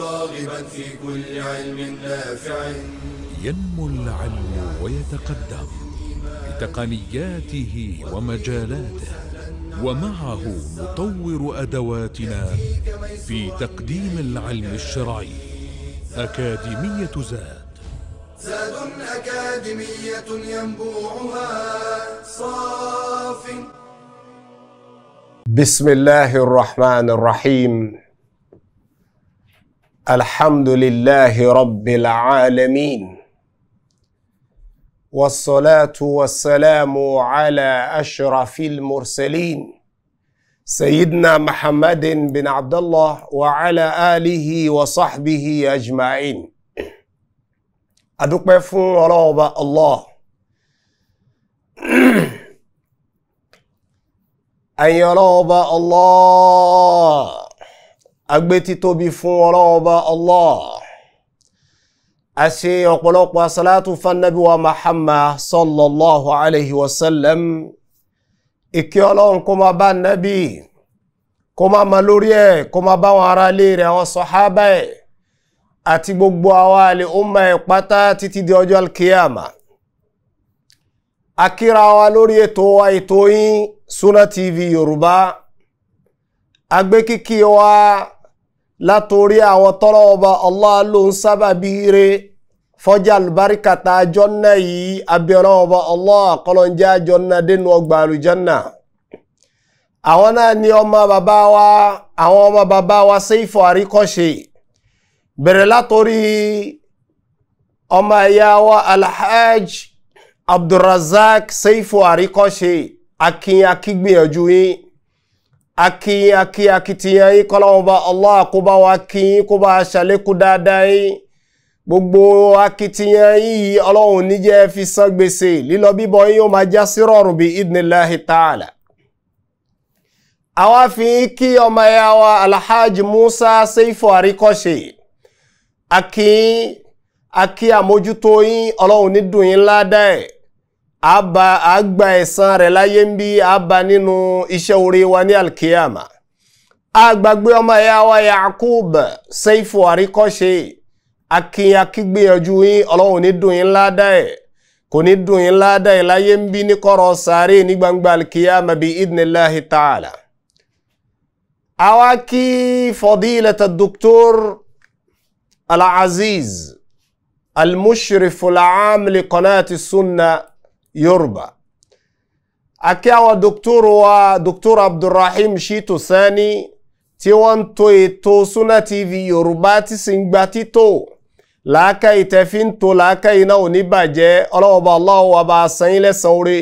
راغبا في كل علم نافع ينمو العلم ويتقدم بتقنياته ومجالاته ومعه نطور أدواتنا في تقديم العلم الشرعي أكاديمية زاد زاد أكاديمية ينبوعها صاف بسم الله الرحمن الرحيم الحمد لله رب العالمين والصلاه والسلام على اشرف المرسلين سيدنا محمد بن عبد الله وعلى اله وصحبه اجمعين أدوك fún ọlọ́run الله allah ẹ̀yin الله agbé títóbi fún ọlọ́ọba Allah a ṣe ọ̀pọ̀lọpọ̀ asalatu fannabiwa Muhammad sallallahu alaihi wasallam ìkẹ́ ọlọ́run kó ma bá nábì kó ma ma lórí ẹ̀ kó ma bá wọn ará lè rẹ̀ àwọn sọ̀hábà ẹ̀ àti gbogbo àwọn àlè ọmọ ẹ̀ pátá títí di ọjọ́ alkiyama akíra wa lórí ètò wa ètò yín Sunna TV Yorùbá agbé wa látòrí àwọn tọrọ ọba Allah ló ń sábàbí re fọjá àlùbáríkà tá a jọ́nà yìí abẹ́rẹ́ ọba Allah kọlọ́njẹ́ àjọ́nà dénú ọgbà àlùjọ́nà àwọn náà ni ọmọ bàbá wa àwọn ọmọ bàbá wa Seifu Àríkọ́ṣe bẹ̀rẹ̀ látòrí ọmọ ẹ̀yà wa Alhaj Abdulrazak Seifu Àríkọ́ṣe akínyakígbìyànjú yìí akin akin akitiyan yìí kọ́lọ́wọ́n bá Allah kó bá wa kín kó bá a ṣàlékún dáadáa yìí gbogbo akitiyan yìí ọlọ́run níjẹ́ fi san gbèsè lílọ bíbọ yìí ó máa já sí rọrùn bí idnillahi ta'ala. àwa fi kí ọmọ ẹ̀yà wa alhaji musa seifo àríkọ́ṣe akin akin àmójútó yìí ọlọ́run ní dùn yín ládàá ẹ̀ àbá àgbà ẹ̀san rẹ̀ láyé ń bí àbá nínú iṣẹ́ orí wa ní alkiyama àgbàgbé ọmọ ẹ̀yà wa Yakub Seifu àríkọ́ṣe akínyakígbìyànjú yín ọlọ́run ní dùn yín ládà ẹ̀ kò ní dùn yín ládà ẹ̀ láyé ń bí ní kọ̀rọ̀ sàárè ní gbangba alkiyama bí idnillahi ta'ala àwa kí Dr. Al-Aziz al-Mushrif al-Aam li Yoruba. Akiawa dòktóró wa Dr. Abdulrahim Shitu Sani tí wọ́n ń to ètò Sunna TV Yorùbá tí sì ń gba títò làákà ìtẹ̀fí ń to làákà iná oníbàjẹ́ ọlọ́wọ́ba aláwọ̀ ọba àsanyín lẹ́sàn-án orí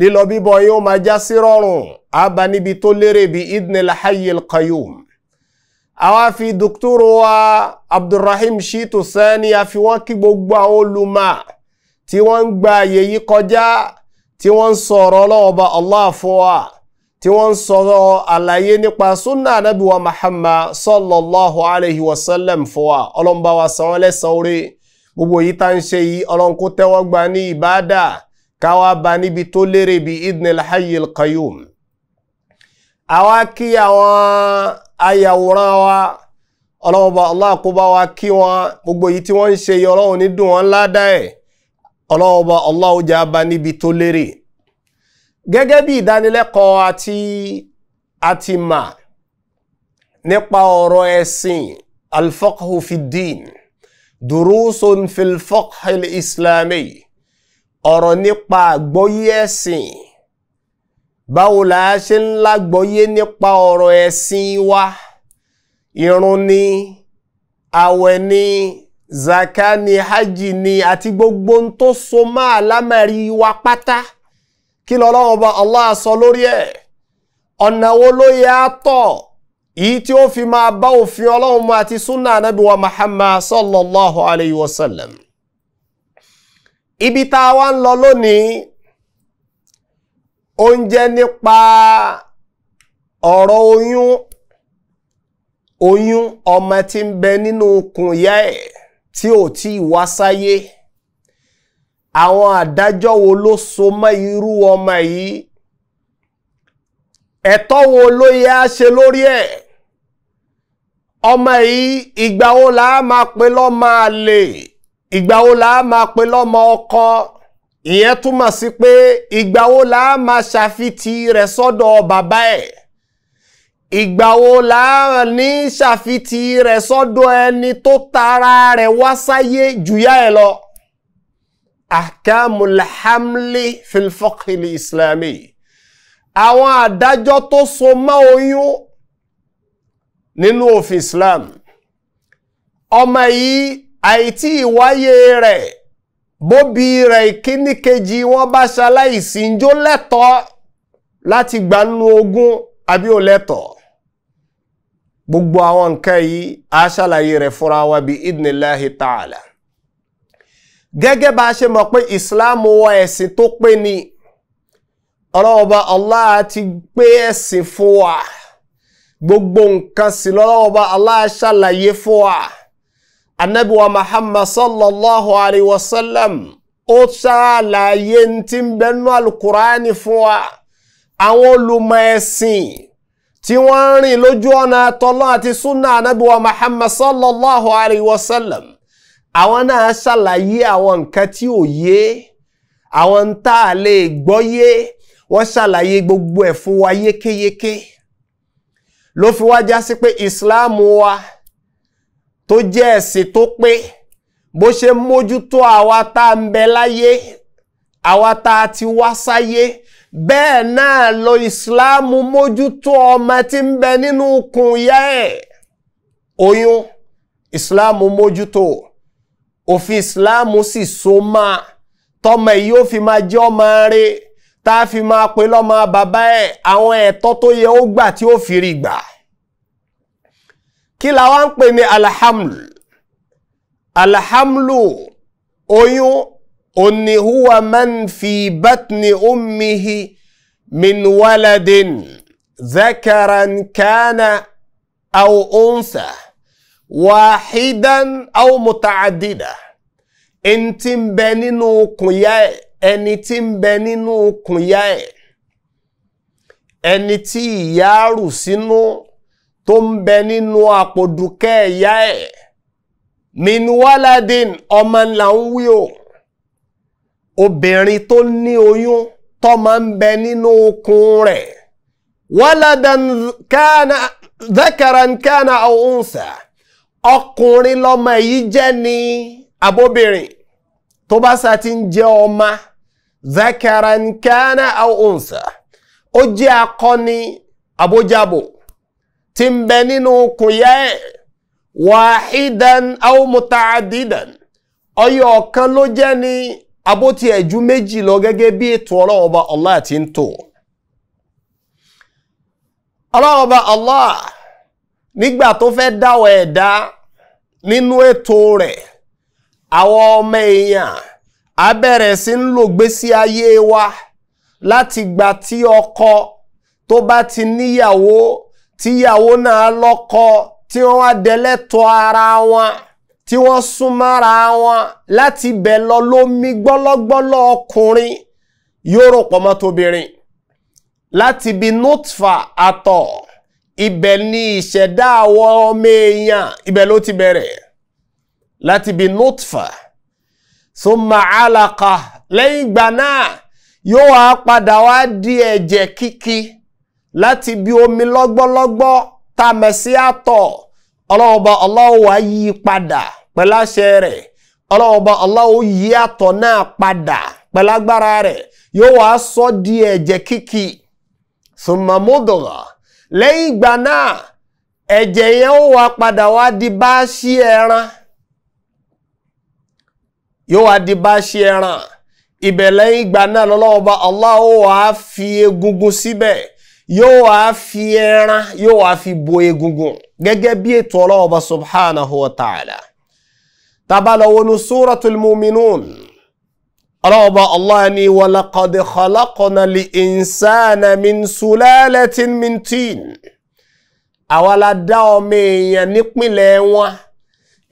lílọ bíbọ̀ yóò máa já sí rọrùn àbá níbi tó lérè bí idnil hayyil qayyum. àwa fi dòktóró wa Abdulrahim Shitu Sani àfi wọ́n kí gbogbo àwọn olùmọ̀ tí wọ́n ń gba àyè yìí kọjá tí wọ́n ń sọ̀rọ̀ ọlọ́ọ̀ba Allah fún wa tí wọ́n ń sọ̀rọ̀ àlàyé nípa súnà anábì wa Muhammad sallallahu alayhi wa sallam fún wa ọlọ́mba wa san wọ́n lẹ́san orí gbogbo yìí tá ṣe yìí ọlọ́nkó tẹ́wọ́ gba ní ìbáàdà káwa bá níbi tó lérè bí idnil hayyil qayyum. àwa kí àwọn ayàwòrán wa ọlọ́mọba Allah wa kí wọn gbogbo yìí tí wọ́n ń ṣe yìí ọlọ́run ní dùn wọn ládàá ọlọ́ọba ọlọ́ọjà bá níbi tó lérè gẹ́gẹ́ bí ìdánilẹ́kọ̀ọ́ àti àti mà nípa ọ̀rọ̀ ẹ̀sìn alfaqhu fi din durusun fil faqhi islami ọ̀rọ̀ nípa àgbọ́yé ẹ̀sìn báwo la ṣe ń lágbọ́yé nípa ọ̀rọ̀ ẹ̀sìn wa ìrun ni àwẹ̀ ni zaka ni hajj ni àti gbogbo ohun tó so mọ́ àlámẹ̀rí wa pátá kí lọ́lọ́wọ́ bá Allah sọ lórí ẹ̀ ọ̀nà wo ló yẹ á tọ̀ yìí tí ó fi máa bá òfin ọlọ́run mu àti sunna anabi wa Muhammad sallallahu alayhi wa sallam ibi tá a wá ń lọ lónìí oúnjẹ nípa ọ̀rọ̀ oyún oyún ọmọ tí ń bẹ nínú okùn ìyá ẹ̀ tí ò tí ì wá sáyé àwọn àdájọ́ wo ló so mọ́ irú ọmọ yìí ẹ̀tọ́ wo ló yẹ á ṣe lórí ẹ̀ ọmọ yìí ìgbà wo là á máa pe lọ́mọ àlè ìgbà wo là á máa pe lọ́mọ ọkọ ìyẹn túmọ̀ sí pé ìgbà wo là á máa ṣàfitì rẹ̀ sọ́dọ̀ bàbá ẹ̀. E ìgbà wo la ní ṣàfitì rẹ̀ sọ́dọ̀ ẹni tó tara rẹ̀ wá sáyé jùyà ẹ̀ lọ. ahkamul hamli fil fiqhil islami àwọn àdájọ́ tó so mọ́ oyún nínú òfin islam ọmọ yìí àìtí ìwáyé rẹ̀ bóbi rẹ̀ ìkíní kejì wọ́n bá ṣaláìsí njó lẹ́tọ̀ọ́ láti gbanú ogún àbí ò lẹ́tọ̀ọ́ gbogbo àwọn nǹkan yìí a ṣàlàyé rẹ̀ fúnra wa bí idnillahi ta'ala gẹ́gẹ́ bá a ṣe mọ̀ pé islam wa ẹ̀sìn tó pé ni ọlọ́ọba Allah ti gbé ẹ̀sìn fún wa gbogbo nǹkan sí lọ́lọ́ọba Allah ṣàlàyé fún wa anabi wa muhammad sallallahu alayhi wa sallam ó ṣàlàyé ti bẹnu alukurani fún wa àwọn olùmọ̀ ẹ̀sìn tí wọ́n ń rìn lójú ọ̀nà tọ́lọ́ àti súnà anábíwá Muhammad sallallahu alayhi wa sallam àwọn náà ṣàlàyé àwọn nǹkan tí ò yé àwọn ń tá a lè gbọ́yé wọ́n ṣàlàyé gbogbo ẹ̀ fún wa yékéyéké ló fi wá já sí pé ìsìláàmù wa tó jẹ́ ẹ̀sìn tó pé bó ṣe mójútó àwa tá ń bẹ láyé àwa tá a ti wá sáyé bẹ́ẹ̀ náà lo ìsìláàmù mójútó ọmọ tí ń bẹ nínú ikùn ìyá ẹ̀ oyún ìsìláàmù mójútó òfin ìsìláàmù sì so máa tọmọ yìí ó fi máa jẹ́ ọmọ rẹ̀ tá a fi máa pe lọ́mọ bàbá ẹ̀ àwọn ẹ̀tọ́ tó yẹ ó gbà tí ó fi rí gbà kí la wá ń pè ní alhamdu alhamdu oyún ó ní huwa man fi batni ummihi min waladin zakaran kana aw unsa wahidan aw mutaadida ẹni tí ń bẹ nínú okùn ya ẹ ẹni tí ń bẹ nínú okùn ya ẹ ẹni tí ìyá rù sínú tó ń bẹ nínú àpòdùkẹ́ ìyá ẹ min waladin ọmọ ńlá ń wí o obìnrin tó ní oyún tó máa ń bẹ nínú okun rẹ̀ waladan kana dhakaran kana aw unsa ọkùnrin lọ́mọ yìí jẹ́ ní abóbìnrin tó bá sá ti ń jẹ́ ọmọ dhakaran kana aw ó jẹ́ akọni abójábò tí ń bẹ nínú okùn yá ẹ̀ wahidan aw muta'addidan kan ló jẹ́ ní abóti ẹ̀jú e méjì lọ gẹ́gẹ́ bí ètò ọlọ́run ọba Allah ti ń tò ọlọ́run ọba Allah nígbà tó fẹ́ dáwọ̀ ẹ̀dá nínú ètò rẹ̀ àwọn ọmọ èèyàn á bẹ̀rẹ̀ sí ń lò gbésí ayé wa láti gba tí ọkọ tó bá ti níyàwó tíyàwó náà lọ́kọ tí wọ́n á dẹlẹ́tọ̀ ara wọn tí wọ́n sún mára wọn láti bẹ̀ lọ lómi gbọ́lọ́gbọ́lọ́ ọkùnrin yóò rò pọ̀ mọ́ tóbìnrin láti bi nutfa àtọ̀ ibẹ̀ ni ìṣẹ̀dá àwọn ọmọ èèyàn ibẹ̀ ló ti bẹ̀rẹ̀ láti bi nutfa summa alaqa lẹ́yìn ìgbà náà yóò wá padà wá di ẹ̀jẹ̀ kíkí láti bi omi lọ́gbọ́lọ́gbọ́ tá àtọ̀ ọlọ́wọ́ ọlọ́wọ́ wá yí padà pẹ̀láṣẹ rẹ̀ ọlọ́ọ̀ba Allah yí àtọ̀ náà padà pẹ̀lágbára rẹ̀ yóò wá sọ di ẹ̀jẹ̀ kíkì thumma mudghah lẹ́yìn ìgbà náà ẹ̀jẹ̀ yẹn ó wá padà wá di bá ṣí ẹran yóò wá di bá ṣí ẹran ibẹ̀ lẹ́yìn ìgbà náà lọ́lọ́ọ̀ba Allah wá fi egungun síbẹ̀ yóò wá fi ẹran yóò wá fi bo egungun gẹ́gẹ́ bí ètò ọlọ́ọ̀ba subhanahu wa ta'ala tabalawonu suratul muminun ọlọ́ọ̀bá allah ni wàlàkọ̀dẹ̀ khalaqna li insana min sulalatin min tin àwa la dá ọmọ èèyàn nípìnlẹ̀ wọn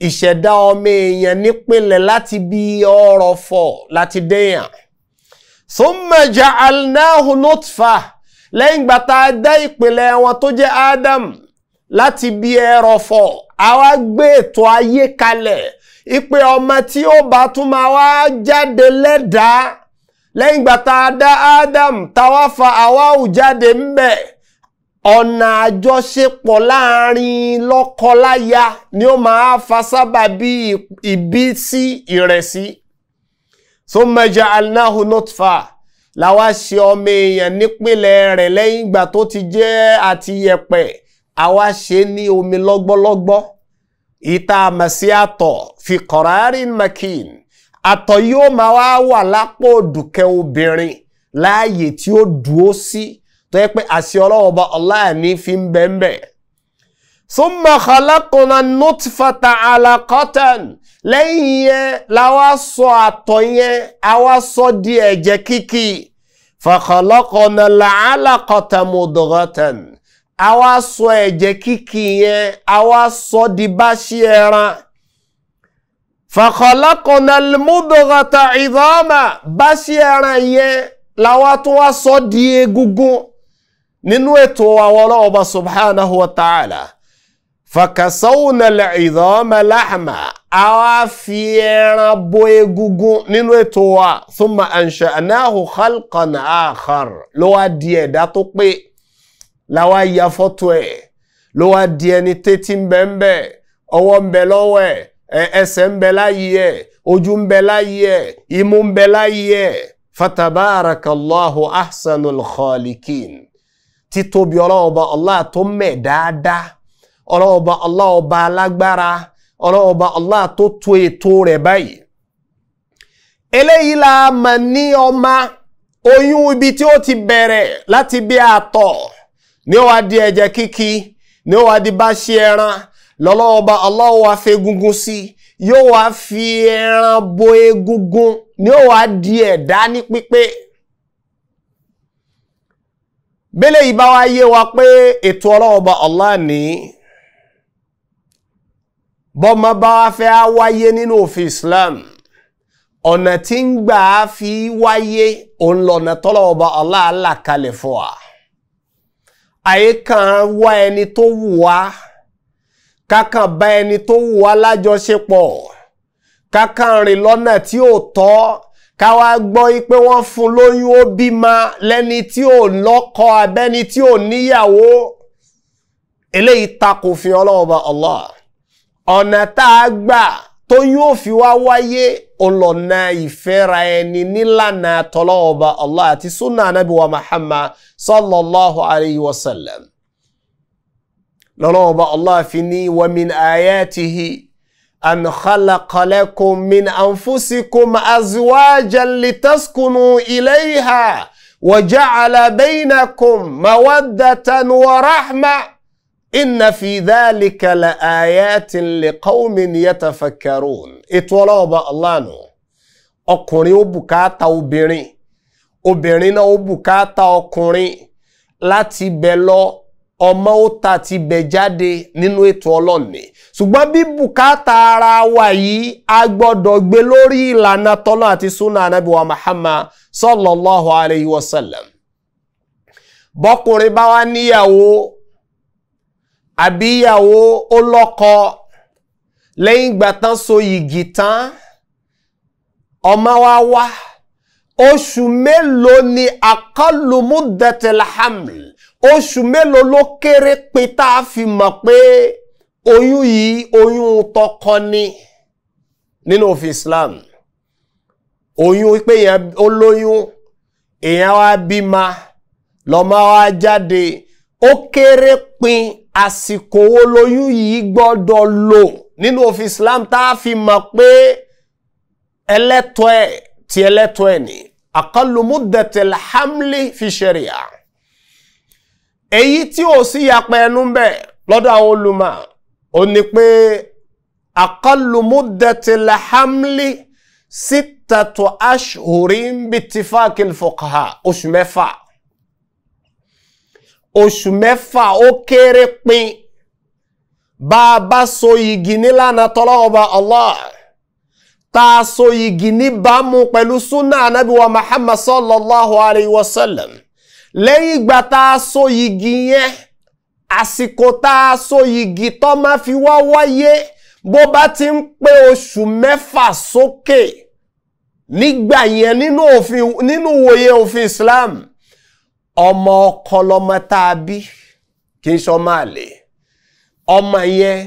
ìṣẹ̀dá ọmọ èèyàn nípìnlẹ̀ láti bí ọrọ̀ fọ̀ láti dẹ́yàn thumma ja'alnahu nutfa lẹ́yìn ìgbà dá ìpìnlẹ̀ wọn tó jẹ́ adam láti bí ẹrọ̀ fọ̀ àwa gbé ètò ayé kalẹ̀ Ipe ọmọ tí ó bá tún máa wá jáde lẹ́dàá lẹ́yìn ìgbà tá a dá Adam táwa fa àwáwù jáde ń bẹ̀ ọ̀nà àjọṣepọ̀ láàrin lọ́kọláya ni ó máa fa sábàbí ìbí sí ìrẹ̀sí summa ja'alnahu nutfa làwa ṣe ọmọ èèyàn nípìnlẹ̀ rẹ̀ lẹ́yìn ìgbà tó ti jẹ́ àti yẹ̀pẹ̀ àwa ṣe ní omi lọ́gbọ́lọ́gbọ́ ìta mẹ̀sí àtọ̀ fi kọ̀rárín makin àtọ̀ yóò máa wá wà lápò dùkẹ́ obìnrin láàyè tí ó dúó sí tó yẹ pé àṣẹ ọlọ́wọ́ bá ọláàní fi ń bẹ́ńbẹ́. summa khalaqna nutfata alaqatan lẹ́yìn yẹn la sọ àtọ̀ yẹn a sọ di ẹ̀jẹ̀ kíkì fa khalaqna làálàkọ̀tà a wá sọ ẹ̀jẹ̀ kíkì yẹn a wá sọ di bá ṣí ẹran fàkọ̀lákọ̀nà múdọ̀gàtà ìdọ́ọ̀mà bá ṣí ẹran yẹn làwa tó wá sọ di egungun nínú ètò àwọn ọlọ́ọ̀bà subhanahu wa ta'ala fàkàsáwùnà ìdọ́ọ̀mà láhàmà a wá fi ẹran bo egungun nínú ètò wa thumma ansha'nahu khalqan akhar ló wá di ẹ̀dá tó pé làwa ya fọ́tò ẹ̀ ló wá di ẹni tétí ń bẹ ń bẹ ọwọ́ ń bẹ lọ́wọ́ ẹ̀ ẹsẹ̀ ń bẹ láyé ẹ̀ ojú ń bẹ láyé ẹ̀ imú ń bẹ láyé ẹ̀ fatabarakallahu ahsanul khaliqin títóbi ọlọ́ọ̀ba Allah tó mẹ̀ dáadáa ọlọ́ọ̀ba Allah ọba alágbára ọlọ́ọ̀ba Allah tó tó ètò rẹ̀ báyìí eléyìí la mà ní ọma oyún ibi tí ó ti bẹ̀rẹ̀ láti bí àtọ̀ ní ó di ẹ̀jẹ̀ kíkí ní ó di bá ṣe ẹran lọ́lọ́wọ́ bá Allah wá fẹ́ egungun sí yóò wá fi ẹran bo egungun ní ó di ẹ̀dá ní pípé bẹ́lẹ̀ yìí bá wá yé wa pé ètò ọlọ́wọ́ bá Allah ní bọ́mọ bá wá fẹ́ á wáyé nínú òfin Islam ọ̀nà tí ń gbà á fi wáyé òun lọ̀nà tọ́lọ́wọ́ bá Allah là fún wa àyíkàn wá ẹni tó wù wá kákan bá ẹni tó wù wá lájọṣepọ̀ kákan rìn lọ́nà tí ò tọ́ ká wá gbọ́ pé wọ́n fún lóyún ó bímọ lẹ́ni tí ò lọ́kọ abẹ́ni tí ò níyàwó eléyìí takò fi ọlọ́wọ́ bá Allah ọ̀nà tá a gbà tó yóò fi wá wáyé ọlọ́nà ìfẹ́ra ẹni nílànà tọ́lọ́ọba Allah àti sunna anabi wa Muhammad sallallahu alayhi wa sallam. lọ́lọ́ọba Allah fi ní wa min ayatihi an khalaqa lakum min anfusikum azwajan litaskunu ilayha wa ja'ala baynakum mawaddatan wa rahmah. إن في ذلك لآيات لقوم يتفكرون qaumin yatafakkarun ètò ọlọ́ọ̀bá aláàánú ọkùnrin ó bùkátà obìnrin obìnrin náà ó bùkátà ọkùnrin láti bẹ lọ ọmọ ó ta ti bẹ jáde nínú ètò ọlọ́ọ̀ni ṣùgbọ́n bí bùkátà ara wa yìí a gbọ́dọ̀ gbé lórí ìlànà tọ́lọ́ àti súnà anábì wa Muhammad sallallahu alayhi wa sallam bọ́kùnrin bá wá níyàwó àbíyàwó ó lọ́kọ lẹ́yìn ìgbà tán so yìgì tán ọmọ wa wá oṣù mélòó ni aqallu muddatil haml oṣù mélòó ló kéré pé tá a fi mọ̀ pé oyún yìí oyún tọkọ ni nínú òfin Islam oyún pé èèyàn olóyún èèyàn wá bímọ lọ́mọ wá jáde ó kéré pin àsìkò wo lóyún yìí gbọ́dọ̀ lò nínú òfin Islam tá a fi mọ̀ pé ẹlẹ́tọ̀ ẹ̀ ti ẹlẹ́tọ̀ ẹ̀ ni aqallu muddatil hamli fi sharia èyí tí ò sí yapa ẹnu bẹ̀ lọ́dọ̀ àwọn olùmọ̀ ò ní pé aqallu muddatil hamli sittatu ashhurin bitifakil fuqaha oṣù mẹ́fà oṣù mẹ́fà ó kéré pin bá a bá so igi nílànà tọ́lọ́ọba Allah tá a so igi níbàámu pẹ̀lú súnà anábì wa Muhammad sallallahu alayhi wa sallam lẹ́yìn ìgbà tá a so igi yẹn àsìkò tá so igi tó máa fi wá wáyé bó bá ti ń pé oṣù mẹ́fà sókè nígbà yẹn nínú òfin nínú wòye òfin Islam. ọmọ ọkọ lọmọ tá a bí kì í ṣọmọ àlè ọmọ yẹn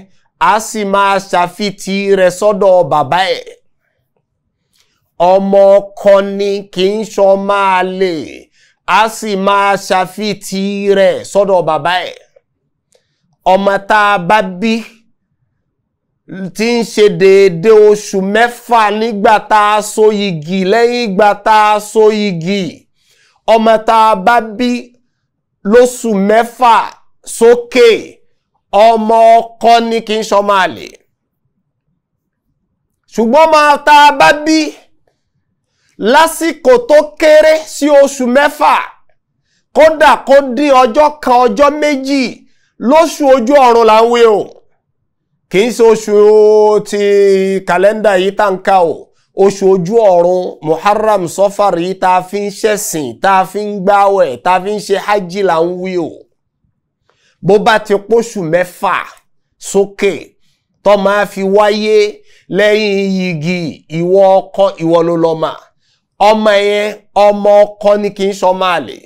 a sì máa ṣàfitì rẹ̀ sọ́dọ̀ bàbá ẹ̀ ọmọ ọkọ ni kì í ṣọmọ àlè a sì máa ṣàfitì rẹ̀ sọ́dọ̀ bàbá ẹ̀ ọmọ tá a bá bí tí ń ṣe déédé oṣù mẹ́fà nígbà tá a so igi lẹ́yìn ìgbà tá a so igi. ọmọ tá a bá bí lóṣù mẹ́fà sókè ọmọ ọkọ ní kí n ṣọmọ àlè ṣùgbọ́n ọmọ tá a bá bí lásìkò tó kéré sí oṣù mẹ́fà kódà kó dín ọjọ́ kan ọjọ́ méjì lóṣù ojú ọ̀run là ń wé o kì í ṣe oṣù ti kàlẹ́ndà yìí tá ń ká o oṣù ojú ọ̀run muharram sọfàrí tá a fi ń ṣẹ̀sìn tá a fi ń gbáwẹ̀ tá a fi ń ṣe hajj là ń wí o bó bá ti póṣù mẹ́fà sókè tó máa fi wáyé lẹ́yìn yìgì ìwọ ọkọ ìwọ ló lọ́mà ọmọ yẹn ọmọ ọkọ ni kì í ṣọmọ àlè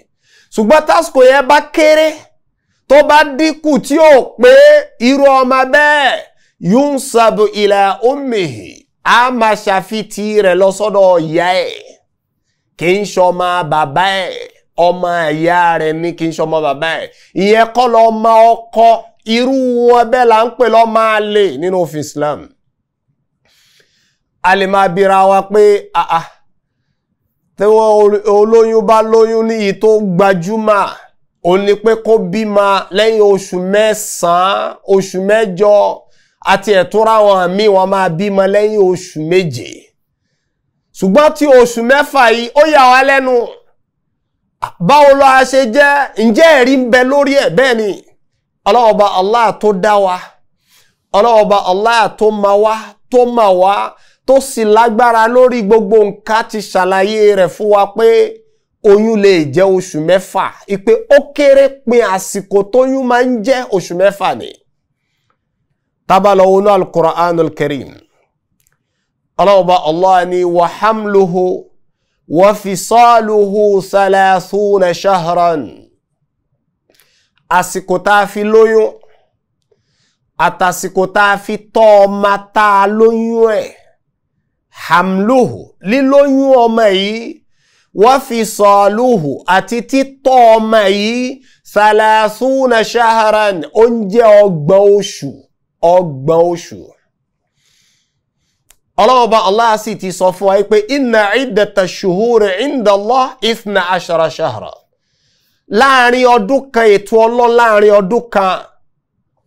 ṣùgbọ́n tásìkò yẹn bá kéré tó bá dínkù tí ò pé irú ọmọ bẹ́ẹ̀ yunsab ila ummihi a máa ṣàfitì rẹ̀ lọ sọ́dọ̀ ìyá ẹ̀ kì í ṣọmọ bàbá ẹ̀ ọmọ ìyá rẹ̀ ní kì í ṣọmọ bàbá ẹ̀ ìyẹn kọ́ lọ́mọ ọkọ irú wọn bẹ́ẹ̀ là ń pè lọ́mọ àlè nínú òfin Islam a lè máa bira wa pé àà tí olóyún bá lóyún ní ìyí tó gbajúmọ̀ ò ní pé kó bímọ lẹ́yìn oṣù mẹ́sàn oṣù mẹ́jọ àti ẹ̀túnra wọn mi wọn máa bímọ lẹ́yìn oṣù méje ṣùgbọ́n tí oṣù mẹ́fà yìí ó yà wá lẹ́nu báwo ló a ṣe jẹ́ ǹjẹ́ ẹ̀rí ń bẹ lórí ẹ̀ bẹ́ẹ̀ ni ọlọ́ọ̀ba Allah tó dá wa ọlọ́ọ̀ba Allah tó ma wá tó ma wá tó sì lágbára lórí gbogbo nǹkan ti ṣàlàyé rẹ̀ fún wa pé oyún lè jẹ́ oṣù mẹ́fà ìpè ó kéré pin àsìkò tóyún máa ń jẹ́ oṣù mẹ́fà ni tábàlọ́ wọnú al-Qur'anul Karim ọlọ́ọ̀bá Allah ni wa hamluhu wa fisaluhu thalathuna shahran àsìkò tá a fi lóyún àtàsìkò tá a fi tọ́ ọmọ tá a lóyún ẹ̀ hamluhu lílóyún ọmọ yìí wa fisaluhu àti títọ́ ọmọ yìí thalathuna shahran ó ń oṣù ọgbọ̀n oṣù ọlọ́wọ́ bá Allah sì ti sọ fún wa pé inna iddata shuhuri inda Allah ifna ashara shahra láàrin ọdún kan ètò ọlọ́ láàrin ọdún kan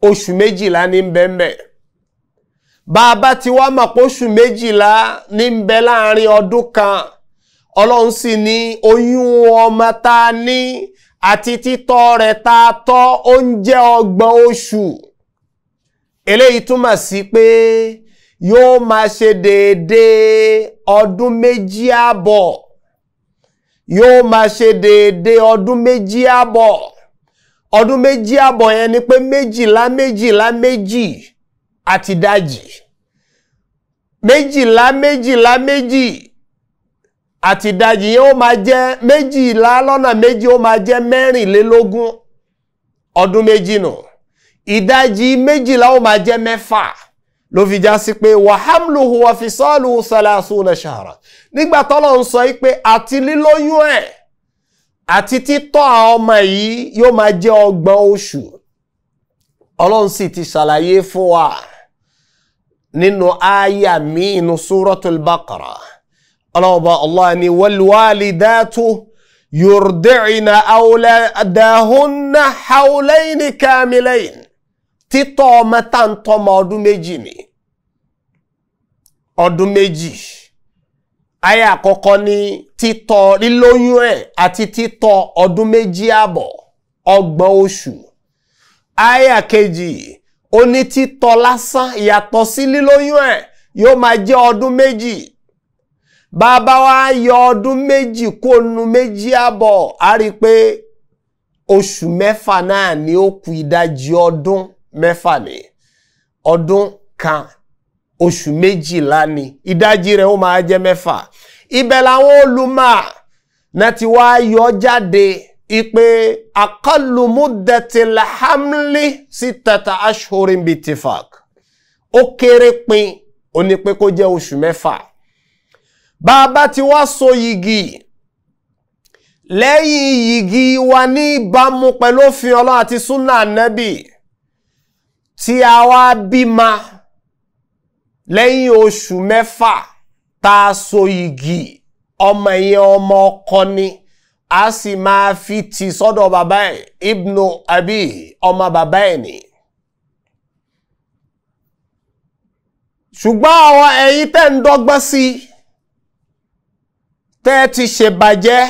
oṣù méjìlá ní bẹ́ẹ̀mẹ́ bàbá tí wàá mọ̀ pé oṣù méjìlá ní bẹ láàrin ọdún kan ọlọ́run sì ní oyún ọmọ tá ní àti títọ́ rẹ̀ tá tọ́ oúnjẹ ọgbọ̀n oṣù eléyìí túmọ̀ sí pé yóò máa ṣe déédéé ọdún méjì àbọ̀ yóò máa ṣe déédéé ọdún méjì àbọ̀ ọdún méjì àbọ̀ yẹn ni pé méjìlá méjìlá méjì àti dájì méjìlá méjìlá méjì àti dájì yẹn ó máa jẹ́ méjìlá lọ́nà méjì ó máa jẹ́ mẹ́rìnlélógún ọdún méjì nù. No ìdajì méjìlá ó máa jẹ́ mẹ́fà ló fi já sí pé wàhámlùhù wàfisọ́ọ̀lù sàlàsùn ṣàrà nígbà tọ́lọ̀ ń sọ pé àti lílóyún ẹ̀ àti títọ́ àwọn ọmọ yìí yóò máa jẹ́ ọgbọ̀n oṣù ọlọ́run sì ti ṣàlàyé fún wa nínú àyà mi inú súrọ́tul bàkàrà ọlọ́run bá Allah ni wàlúwàlídàtú yurdi'na awladahunna hawlayni kamilayn. títọ́ ọmọ tá ń tọ́mọ ọdún méjì ni ọdún méjì ayé àkọ́kọ́ ní títọ́ lílóyún ẹ̀ àti títọ́ ọdún méjì àbọ̀ ọgbọ̀n oṣù ayé àkejì ó ní títọ́ lásán ìyàtọ̀ sí lílóyún ẹ̀ yóò máa jẹ́ ọdún méjì bàbá wa yọ ọdún méjì kó nu méjì àbọ̀ a rí i pé oṣù mẹ́fà náà ni ó kù ìdajì ọdún. mẹ́fà ní ọdún kan oṣù méjìlá ni ìdajì rẹ̀ ó máa jẹ́ mẹ́fà ibẹ̀ làwọn olùmọ̀ náà ti wá yọ jáde ipe aqallu muddatil hamli sittata ashhurin bitifaq ó kéré pin ó ní pé kó jẹ́ oṣù mẹ́fà bá ti wá so yìgì lẹ́yìn yìgì wa ní ìbámu pẹ̀lú òfin ọlọ́run àti súnà nẹ́bì tí a wá bímọ lẹ́yìn oṣù mẹ́fà tá a so igi ọmọ yẹn ọmọ ọkọ ni a sì máa fi tì sọ́dọ̀ bàbá ẹ̀ ibnu abi ọmọ bàbá ẹ̀ ni. ṣùgbọ́n àwọn ẹ̀yin tẹ́ ń dọ́gbọ́n sí tẹ́ ti ṣèbàjẹ́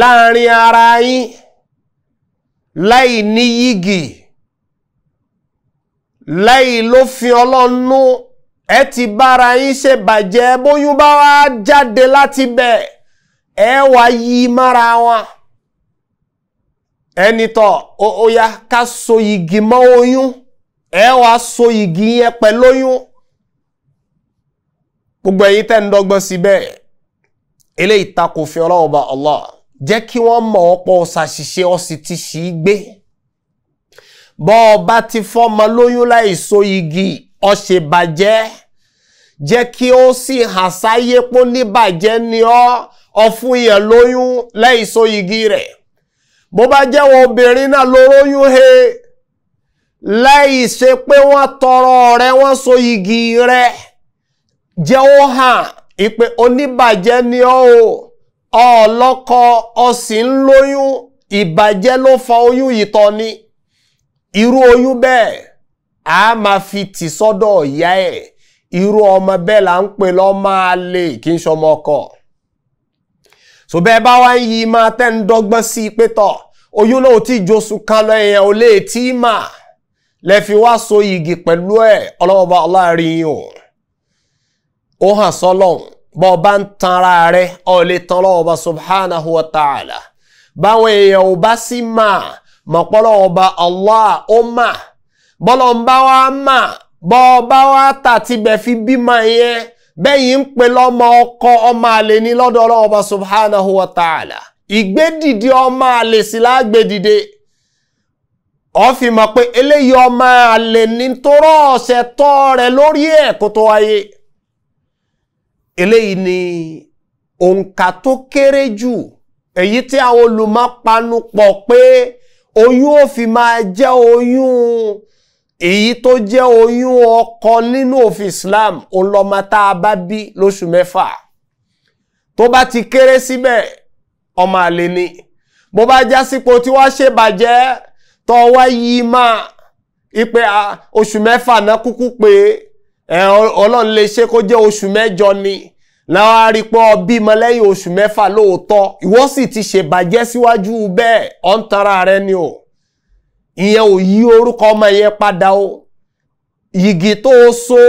láàrin ara yín láì ní yígì lẹ́yìn ló fi ọlọ́nú ẹ ti bára yín ṣe bàjẹ́ bóyún bá wá jáde láti bẹ̀ ẹ wá yí mára wọn. ẹni tọ̀ ó yá ká so igi mọ́ oyún ẹ wá so igi yẹn pẹ̀lú oyún. gbogbo ẹ̀yin tẹ́ ń dọ́gbọ́n sí bẹ́ẹ̀ eléyìí takò fi ọlọ́wọ́ bá Allah jẹ́ kí wọ́n mọ̀ ọ́ pọ̀ ṣàṣìṣe ọ sì ti ṣì í gbé. bọ́ ọba ti fọ́mọ lóyún láìso igi ọ̀ṣẹ̀ bàjẹ́ jẹ́ kí ó sì hàn sáyé pó níbàjẹ́ ni ọ́ yẹn lóyún láìso igi rẹ̀ bó bá jẹ́wọ́ obìnrin náà ló róyún he láìṣe pé wọ́n tọrọ rẹ wọ́n so igi rẹ jẹ́ ó hàn ìpè oníbàjẹ́ ni ọ́ o ọ̀sìn ni. irú oyún bẹ́ẹ̀ a máa fi tì sọ́dọ̀ ìyá ẹ̀ irú ọmọ bẹ́ẹ̀ la ń pè lọ́mọ àlè kí n ṣọmọ so bẹ́ẹ̀ bá wá ń yí máa tẹ́ ń dọ́gbọ́n sí i pé tọ̀ oyún náà kan lọ èèyàn ò lè tí ì mà lẹ so igi pẹ̀lú ẹ̀ ọlọ́mọba ọláàrin o ó hàn sọ́lọ́hún bọ́ bá ń tan ara rẹ̀ ọ̀ lè tan ọlọ́mọba subhanahu wa ta'ala báwọn bá sí máa mọ̀pọ́lọ́ ọba Allah ó mà bọ́lọ̀ ń bá wa mà bọ́ ọba wa tà tibẹ̀ bímọ ń ọkọ ọmọ àlè ní lọ́dọ̀ subhanahu wa ta'ala ìgbédìde ọmọ àlè sí ọ fi mọ̀ pé eléyìí ọmọ àlè ní torọ́ ọ̀sẹ̀ tọ́ rẹ̀ lórí ẹ̀ kó tó wáyé ni òǹkà tó kéré jù èyí tí àwọn olùmọ̀ oyún ó fi máa jẹ́ oyún èyí tó jẹ́ oyún ọkọ nínú òfin Islam ọlọ́mọ tá a bá bí lóṣù mẹ́fà tó bá ti kéré síbẹ̀ ọmọ àlè ni bó bá jásípò tí wàá ṣèbàjẹ́ tó wá yí máa ipe oṣù mẹ́fà náà kúkú pé ọlọ́run lè ṣe kó jẹ́ oṣù mẹ́jọ ni làwọn arìpọ̀ bímọ lẹ́yìn oṣù mẹ́fà lóòótọ́ ìwọ sì ti ṣèbàjẹ́ síwájú bẹ́ẹ̀ ọ̀ ń rẹ ni o ìyẹn ò yí orúkọ ọmọ yẹn padà o yìgì tó o so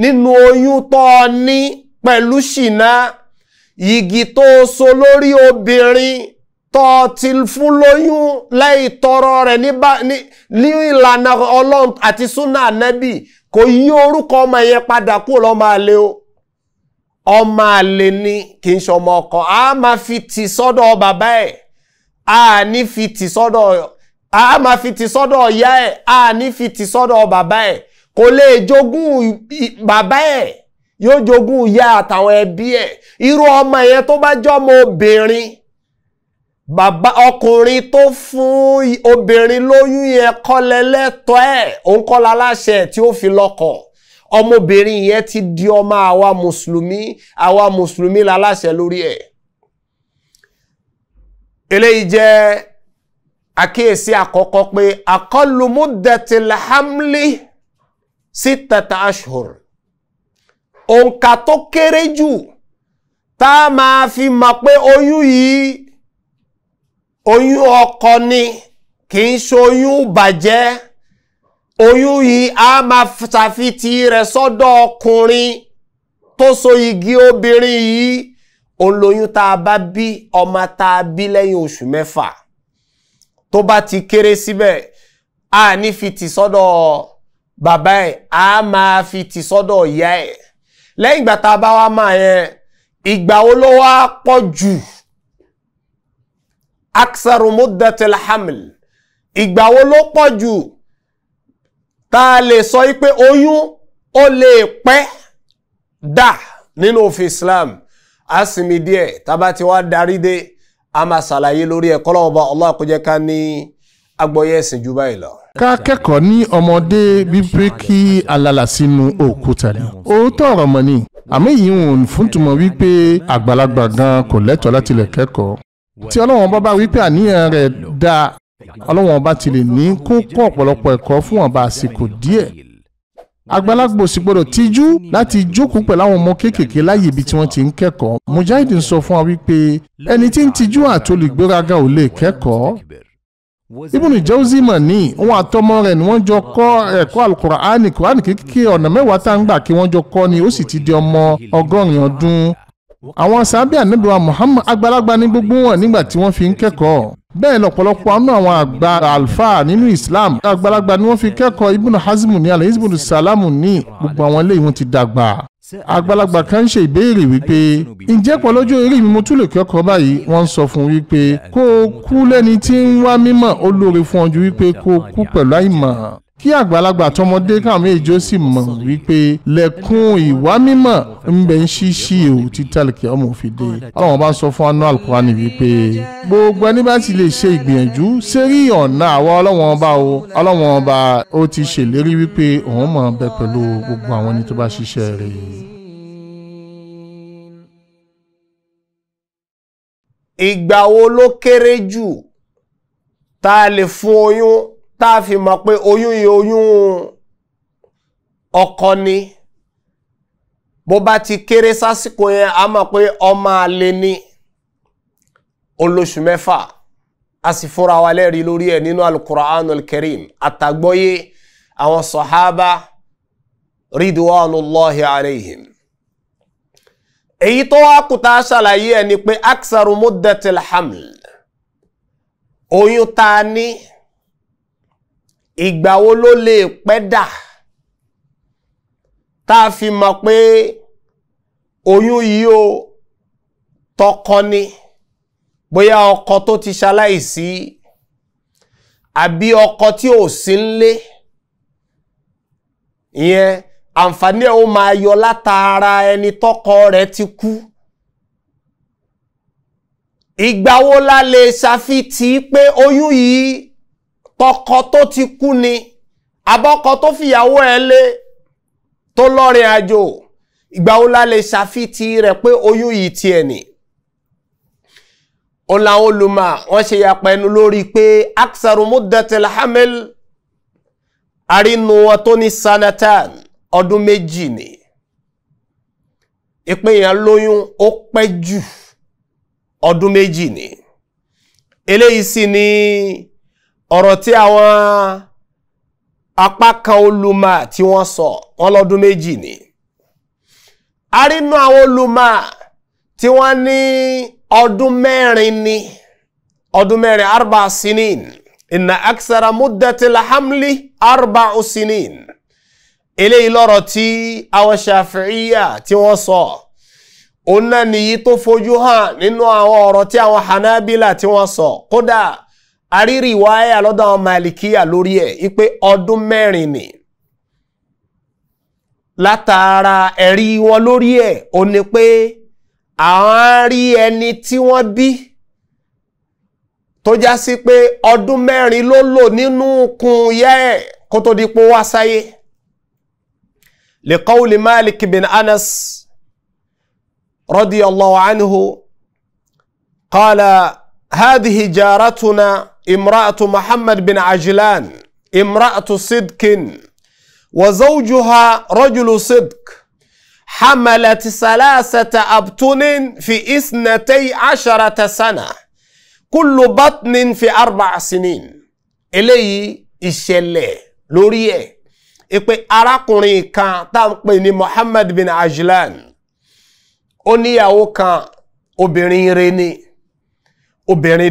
nínú oyún tó o ní pẹ̀lú ṣìnà yìgì tó o so lórí obìnrin tó o ti fún lóyún lẹ́yìn tọrọ rẹ̀ ní ìlànà ọlọ́run àti súnà ànábì kò yí orúkọ ọmọ yẹn padà kúrò lọ́mọ àlè o. ọmọ àlè ni kì í ṣọmọ ọkọ a máa fi ti sọdọ bàbá ẹ a ní fi ti sọdọ a máa fi ti sọdọ ìyá ẹ a ní fi ti sọdọ bàbá ẹ kò lè jogún bàbá ẹ yóò jogún ìyá àtàwọn ẹbí ẹ irú ọmọ yẹn tó bá jọmọ obìnrin bàbá ọkùnrin tó fún obìnrin lóyún yẹn kọ́lẹ́lẹ́tọ́ ẹ̀ òun kọ́lá láṣẹ tí ó fi lọ́kọ̀ọ́ ọmọbìnrin yẹn ti di ọmọ àwa mùsùlùmí àwa mùsùlùmí la láṣẹ lórí ẹ̀ eléyìí jẹ́ àkíyèsí àkọ́kọ́ pé aqallu muddatil hamli sittata ashhur òǹkà tó kéré jù tá a máa fi mọ̀ pé oyún yìí oyún ọkọ ni kì í ṣe oyún bàjẹ́ oyún yìí a máa ṣàfitì rẹ̀ sọ́dọ̀ ọkùnrin tó so igi obìnrin yìí òun lóyún tá a bá bí ọmọ tá a bí lẹ́yìn oṣù mẹ́fà tó bá ti kéré síbẹ̀ a ní fi tì bàbá ẹ̀ a máa fi tì ìyá ẹ̀ lẹ́yìn ìgbà tá a bá wá máa yẹn ìgbà wo ló wá pọ̀ jù aksaru ìgbà wo ló pọ̀ jù tá lè sọ wípé oyún ó lè pẹ́ dà nínú òfin Islam a sinmi díẹ̀ tábà tí wàá darí dé a máa ṣàlàyé lórí ẹ̀ kọ́lọ́ọ̀bá Allah kó jẹ́ ká ní agbọ́yé ẹ̀sìn jù báyìí lọ. ká kẹ́kọ̀ọ́ ní ọmọdé bíbí kí alala sínú òkúta ni òótọ́ ọ̀rọ̀ mọ̀ ni àmì yìí ń fún tùmọ̀ wípé àgbàlagbà gan kò lẹ́tọ̀ọ́ láti lè kẹ́kọ̀ọ́ tí ọlọ́wọ́n bá bá wípé àníyàn rẹ̀ dáa ọlọ́wọ́n ọba ti lè ní kó kọ́ ọ̀pọ̀lọpọ̀ ẹ̀kọ́ fún ọba àsìkò díẹ̀ àgbàlagbà sì gbọdọ̀ tijú láti jókòó pẹ̀lú àwọn ọmọ kéékèèké láyè ibi tí wọ́n ti ń kẹ́kọ̀ọ́ mujahideen sọ fún wa wípé ẹni tí ń tijú àtolùgbéraga ò lè kẹ́kọ̀ọ́ ibùnú jẹ́wọ́sí mọ̀ ní òun àtọmọ rẹ̀ ni wọ́n jọ kọ́ ẹ̀kọ́ alukur'ani kur'ani kékeré ọ̀nà mẹ́wàá tá à ń gbà kí wọ́n jọ kọ́ ni ó sì ti di ọmọ ọgọ́rin ọdún àwọn sábẹ́ ànábìwá Muhammad àgbàlagbà ní gbogbo wọn nígbà tí wọ́n fi ń kẹ́kọ̀ọ́ bẹ́ẹ̀ lọ́pọ̀lọpọ̀ àánú àwọn àgbà alfa nínú Islam àgbàlagbà ni wọ́n fi kẹ́kọ̀ọ́ Ibn Hazm ní alẹ́ Ibn Salamu ní gbogbo àwọn eléyìí wọ́n ti dàgbà àgbàlagbà kan ṣe ìbéèrè wípé ǹjẹ́ pọ̀ lójú eré mi mo tún lè kẹ́kọ̀ọ́ báyìí wọ́n sọ fún wípé kó o kú lẹ́ni tí ń wá mímọ̀ ó lóore fún ọjọ́ wípé kó o kú pẹ̀lú àìmọ̀ kí àgbàlagbà tọmọdé káwọn èjò sì mọ̀ wípé lẹ́kùn ìwà mímọ́ ń bẹ ń ṣíṣí o títí àlùkí ọmọ òfin dé Ọlọ́run bá ń sọ fún anú àlùkùránì wípé gbogbo ẹni bá ti lè ṣe ìgbìyànjú sérí ọ̀nà àwa Ọlọ́run ọba o Ọlọ́run ọba ó ti ṣèlérí wípé òun máa bẹ pẹ̀lú gbogbo àwọn ẹni tó bá ṣiṣẹ́ rẹ̀. ìgbà wo ló kéré jù tá a lè fún oyún tá a fi mọ̀ pé oyún yìí oyún ọkọ ni bó bá ti kéré sásìkò yẹn a mọ̀ pé ọmọ àlè ni olóṣù mẹ́fà a sì fúnra wa lẹ́rìí lórí ẹ̀ nínú alukur'anul karim àtàgbọ́yé àwọn sọ̀hábà ridwanullahi alayhim èyí tó wá kù ṣàlàyé ẹ̀ ni pé aksaru muddatil oyún ta ni ìgbà wo ló lè pẹ́ dà tá a fi mọ̀ pé oyún yìí ó tọkọ ni bóyá ọkọ tó ti ṣaláìsí àbí ọkọ tí ò sí nlé ìyẹn àǹfààní ẹ̀ ó máa yọ látara ẹni tọkọ rẹ̀ ti kú ìgbà wo la lè ṣàfitì pé oyún yìí tọkọ tó ti kú ni abọ́kọ tó fìyàwó ẹ lé tó lọ́rin àjò ìgbà wo la lè ṣàfitì rẹ̀ pé oyún yìí tiẹ̀ ni ó láwọn olùmọ̀ wọ́n ṣe yapa ẹnu lórí pé aksaru muddatil arínú wọn tó ní sanatan ọdún méjì ni ìpéyàn lóyún ó pẹ́ jù ọdún méjì ni eléyìí sì ni. Ele ọ̀rọ̀ tí àwọn apá kan olùmọ̀ tí wọ́n sọ wọ́n lọ́dún méjì ni a rí inú àwọn olùmọ̀ tí wọ́n ní ọdún mẹ́rin ni ọdún mẹ́rin arba sinin inna aksara muddatil hamli arba sinin eléyìí lọ́rọ̀ tí àwọn ṣàfihìyà tí wọ́n sọ òun náà nìyí tó fojú hàn nínú àwọn ọ̀rọ̀ tí àwọn hanabila tí wọ́n sọ kódà. ariri rí rìwáyà lọ́dọ̀ àwọn malikiya lori e ipe ọdún mẹ́rin ni látara ẹ̀rí wọn lórí ẹ̀ o pe pé àwọn rí ẹni tí wọ́n bí tó já pe pé ọdún lo n'inu kun yẹ́ ẹ̀ kó tó di pé wá sáyé li qawli Malik bin Anas radiyallahu anhu qala hadhihi jaratuna. امرأة محمد بن عجلان امرأة صدق وزوجها رجل صدق حملت ثلاثة أبطن في إثنتي عشرة سنة كل بطن في أربع سنين إلي إشيلي لوري إكوي أراكوني كان تنقيني محمد بن عجلان أوني أو كان أبيني ريني أبيني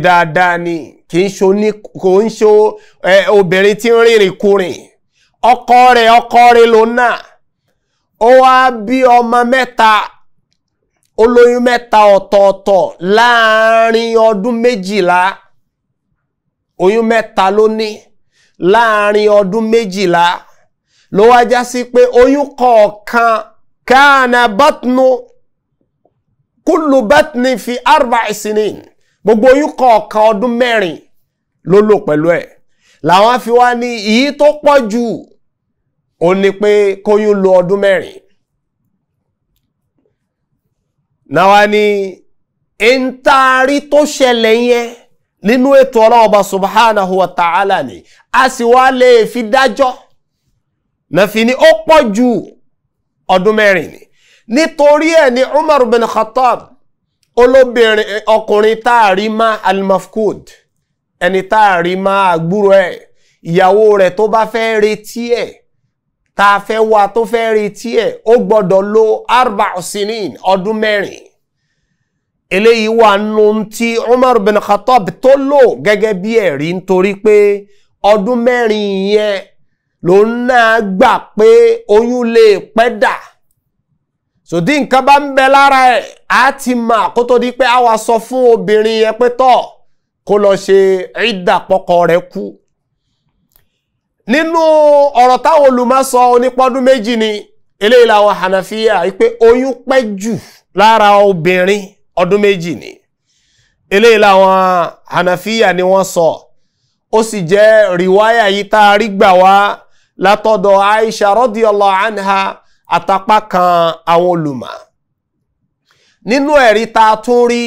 kì í ṣo ní kò ń ṣo obìnrin tí ń rìnrìn kurìn ọkọ rẹ ọkọ rẹ ló náà ó wá bí ọmọ mẹ́ta olóyún mẹta ọ̀tọ̀ọ̀tọ̀ láàárín ọdún méjìlá oyún mẹ́ta ló ní láàárín ọdún méjìlá ló wá já sí pé oyún kọ̀ọ̀kan kana batnu kullu batni fi arba'i sinin gbogbo oyún kọ̀ọ̀kan ọdún mẹ́rin ló lò pẹ̀lú ẹ̀ làwọn fi wá ní èyí tó pọ̀ jù ó ní pé kóyún lo ọdún mẹ́rin náwa ni ìntaari tó ṣẹlẹ̀ yẹn nínú ètò ọlọ́ọ̀bà subhanahu wa ta'ala ni a sì wá lè fi dájọ́ na ni ó pọ̀ jù ọdún mẹ́rin ni nítorí ẹ̀ ni Umar bin Khattab olóbìnrin eh, ọkùnrin táàrí má almafkud ẹni táàrí má àgbúrò ẹ̀ ìyàwó rẹ̀ tó bá fẹ́ retí ẹ̀ tá a fẹ́ wá tó fẹ́ retí ẹ̀ ó gbọ́dọ̀ lo arba sinin ọdún mẹ́rin eléyìí wà nù tí Umar bin Khattab tó lò gẹ́gẹ́ bí ẹ̀rí nítorí pé ọdún mẹ́rin yẹn lòun náà gbà pé oyún lè pẹ́ dà sòdí nǹkan bá ń bẹ lára ẹ̀ á ti mà kó tó di pé á wá sọ fún obìnrin yẹn pé tọ̀ kó lọ ṣe ìdàpọ̀kọ rẹ̀ kú nínú ọ̀rọ̀ táwọn olùmọ̀sọ onípọ́dún méjì ni eléyìí làwọn hànàfíà wípé oyún pẹ́ jù lára obìnrin ọdún méjì ni eléyìí làwọn hànàfíà ni wọ́n sọ ó sì jẹ́ rìwáyà yìí tá a rí gbà wá látọ̀dọ̀ Aisha radiyallahu anha àtàpá kan àwọn olùmọ̀ nínú ẹ̀rí tá a tún rí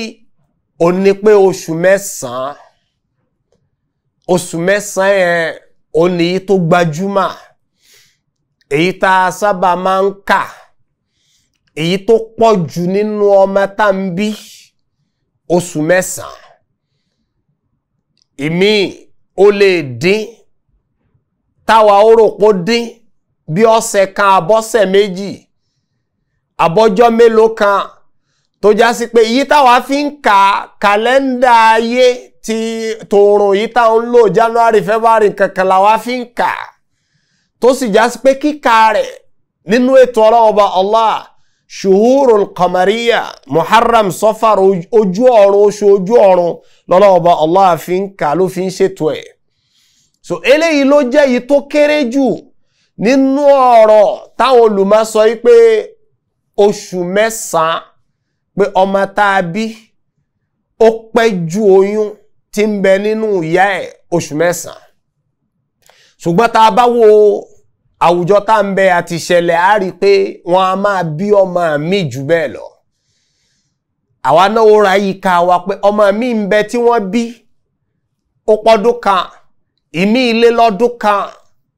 ó ní pé oṣù mẹ́sàn-án oṣù mẹ́sàn-án yẹn ó ní èyí tó gbajúmọ̀ èyí tá sábà máa ń kà èyí tó pọ̀ jù nínú ọmọ tá ń bí oṣù mẹ́sàn-án ìmí ó lè dín táwa ó rò pó dín bí ọ̀sẹ̀ kan abọ́sẹ̀ méjì abọ́jọ́ mélòó kan tó já sí pé èyí táwa fi ń ka kàlẹ́ndà ayé ti tòrùn yìí táwọn ń lò January February kankan làwa fi ń kà tó sì já sí pé kíkà rẹ̀ nínú ètò ọlọ́ọ̀ba Allah ṣùhúrùn kọmàríyà Muharram Safar ojú ọ̀run oṣù ojú ọ̀run lọ́lọ́ọ̀ba Allah fi ń kà ló fi ń ṣètò ẹ̀ so eléyìí ló jẹ́ èyí tó kéré jù nínú ọ̀rọ̀ táwọn olùmọ̀ sọ pé oṣù mẹ́sàn-án pé ọmọ tá a bí ó pẹ́ ju oyún tí ń bẹ nínú ìyá ẹ̀ oṣù mẹ́sàn-án ṣùgbọ́n tá bá wo àwùjọ tá ń bẹ àti ìṣẹ̀lẹ̀ á rí i pé wọ́n á máa bí ọmọ mi jù bẹ́ẹ̀ lọ àwa náà ra yíká wa pé ọmọ mi ń bẹ tí wọ́n bí ó pọ́dún kan ìmí ilé lọ́dún kan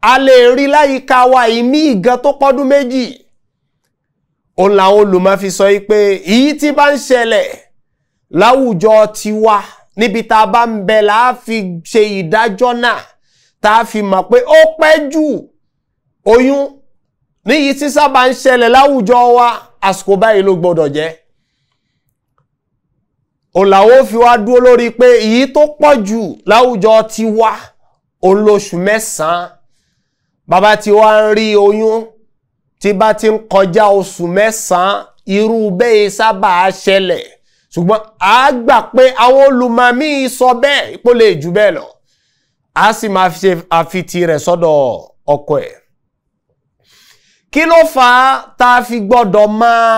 a lè rí láyìíká wa ìmí ìgan tó pọ́dún méjì òun làwọn olùmọ̀ fi sọ pé èyí tí bá ń ṣẹlẹ̀ láwùjọ tiwa níbi tá a bá ń bẹ là fi ṣe ìdájọ́ náà tá a fi mọ̀ pé ó pẹ́ jù oyún níyí tí sábà ń ṣẹlẹ̀ láwùjọ wa àsìkò báyìí ló gbọ́dọ̀ jẹ́ òlàwó fi wá dúró lórí pé èyí tó pọ̀ jù láwùjọ tiwa òun lóṣù mẹ́sàn-án bàbá tí wá ń rí oyún tí bá ti ń kọjá oṣù mẹ́sàn-án irú bẹ́ẹ̀ sábà ṣẹlẹ̀ ṣùgbọ́n a gbà pé àwọn olùmọ̀mí sọ bẹ́ẹ̀ ipò lè jù bẹ́ẹ̀ lọ a sì máa fi ṣe àfitì rẹ̀ sọ́dọ̀ ọkọ ẹ̀ kí ló fà á fi gbọ́dọ̀ máa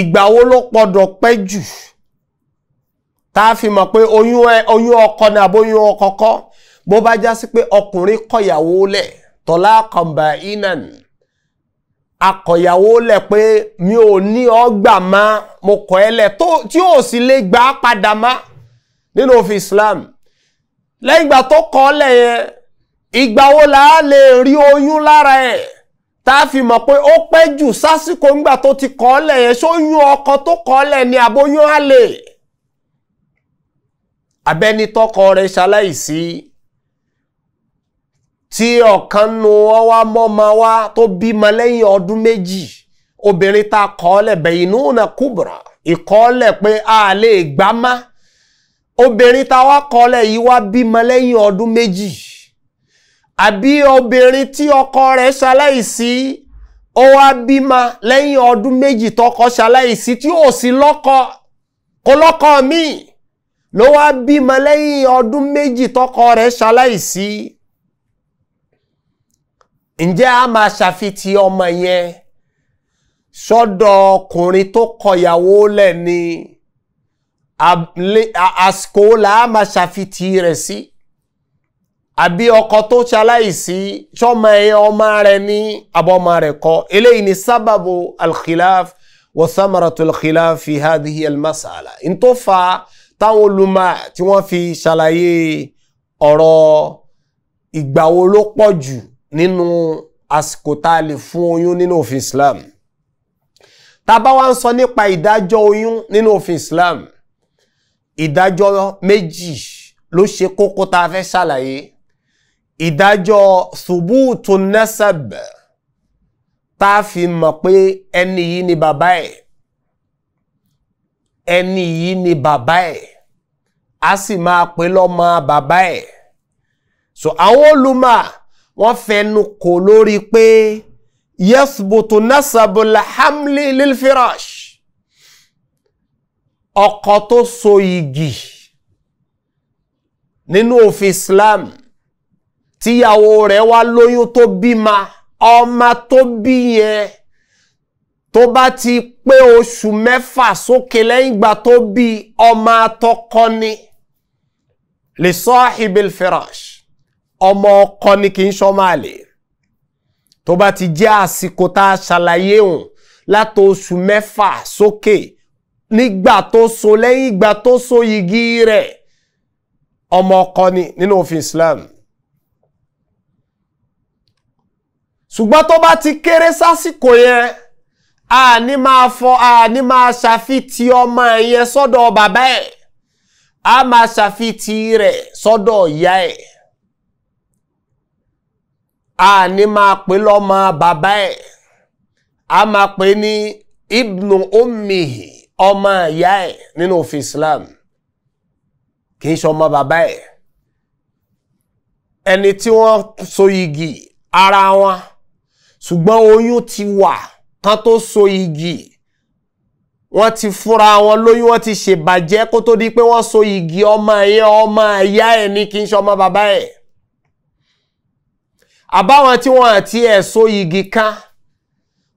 ìgbà ló pọ̀dọ̀ pẹ́ jù tá fi mọ̀ pé oyún ọkọ ni àbóyún ọkọ bó bá já sí pé ọkùnrin kọ̀yàwó lẹ̀ tọ́lá kọ̀ǹbà inan akọ̀yàwó lẹ̀ pé mi ò ní ọgbà má mo kọ̀ ẹ́ lẹ̀ tí ò sì lè gbà á padà má nínú òfin Islam lẹ́yìn ìgbà tó kọ̀ ọ́ lẹ̀ yẹn ìgbà wo là lè rí oyún lára ẹ̀ tá a fi mọ̀ pé ó pẹ́ jù sásìkò ńgbà tó ti kọ̀ lẹ̀ yẹn ṣóyún ọkọ tó kọ̀ lẹ̀ ni àbóyún á lè abẹ́ni tọkọ rẹ̀ ṣaláìsí. tí ọ̀kan nu wọn wá mọ́mọ wá tó bímọ lẹ́yìn ọdún méjì obìnrin ta kọ́ọ́lẹ̀ bẹ̀yìnú na kúbùrà ìkọ́ọ́lẹ̀ pé a lè gbá má obìnrin ta wá kọ́ọ́lẹ̀ yìí wá bímọ lẹ́yìn ọdún méjì àbí obìnrin tí ọkọ rẹ̀ ṣaláìsí ó wá bímọ lẹ́yìn ọdún méjì tọkọ ṣaláìsí tí ò sí lọ́kọ kó lọ́kọ míì ló wá bímọ lẹ́yìn ọdún méjì tọkọ rẹ̀ ṣaláìsí ǹjẹ́ a máa ṣàfitì ọmọ yẹn sọ́dọ̀ ọkùnrin tó kọyàwó lẹ́ni àsìkò là á máa ṣàfitì rẹ̀ sí àbí ọkọ tó ṣaláìsí sọmọ ẹyẹ ọmọ rẹ̀ ní abọmọ rẹ̀ kọ́ eléyìí ni sábàbù alkhilaf wa thamaratu alkhilaf fi hadhihi almasala n tó fa táwọn olùmọ̀ tí wọ́n fi ṣàlàyé ọ̀rọ̀ ìgbà ló pọ̀ jù nínú àsìkò tá a lè fún oyún nínú òfin Islam tá a bá wá ń sọ nípa ìdájọ́ oyún nínú òfin Islam ìdájọ́ méjì ló ṣe kókó tá a fẹ́ ṣàlàyé ìdájọ́ subutun nasab tá a fi mọ̀ pé ẹni yìí ni bàbá ẹ̀ ẹni yìí ni bàbá ẹ̀ a sì máa pè lọ́mọ bàbá ẹ̀ so àwọn olùmọ̀ wọ́n fẹnu kò lórí pé yẹ́sùbùtù nasabul hamli lilfirash ọkọ tó so igi nínú òfin Islam tíyàwó rẹ̀ wá lóyún tó bímọ ọmọ tó bí yẹn tó bá ti pé oṣù mẹ́fà sókè lẹ́yìn ìgbà tó bí ọmọ atọ́kọ ni li sahibil ọmọ ọkọ ni kì í ṣọmọ àlè tó bá ti jẹ́ àsìkò tá a ṣàlàyé òun láti oṣù mẹ́fà sókè nígbà tó so lẹ́yìn ìgbà tó so yìgì rẹ̀ ọmọ ọkọ ni nínú òfin Islam ṣùgbọ́n tó bá ti kéré sásìkò yẹn a ní máa fọ a ní máa ṣàfitì ọmọ yẹn sọ́dọ̀ bàbá ẹ̀ a máa ṣàfitì rẹ̀ sọ́dọ̀ ìyá ẹ̀ a ní máa pè lọ́mọ bàbá ẹ̀ a máa pè ní ibnu ummihi ọmọ ìyá ẹ̀ nínú òfin Islam kì í ṣe ọmọ bàbá ẹ̀ ẹni tí wọ́n so igi ara wọn ṣùgbọ́n oyún ti wà kán tó so igi wọ́n ti fúnra wọn lóyún wọ́n ti ṣèbàjẹ́ kó tó di pé wọ́n so igi ọmọ ẹ̀yẹ ọmọ ìyá ẹ̀ ní kì í ṣe ọmọ bàbá ẹ̀ àbáwọn tí wọn àti ẹ̀sọ́ igi kan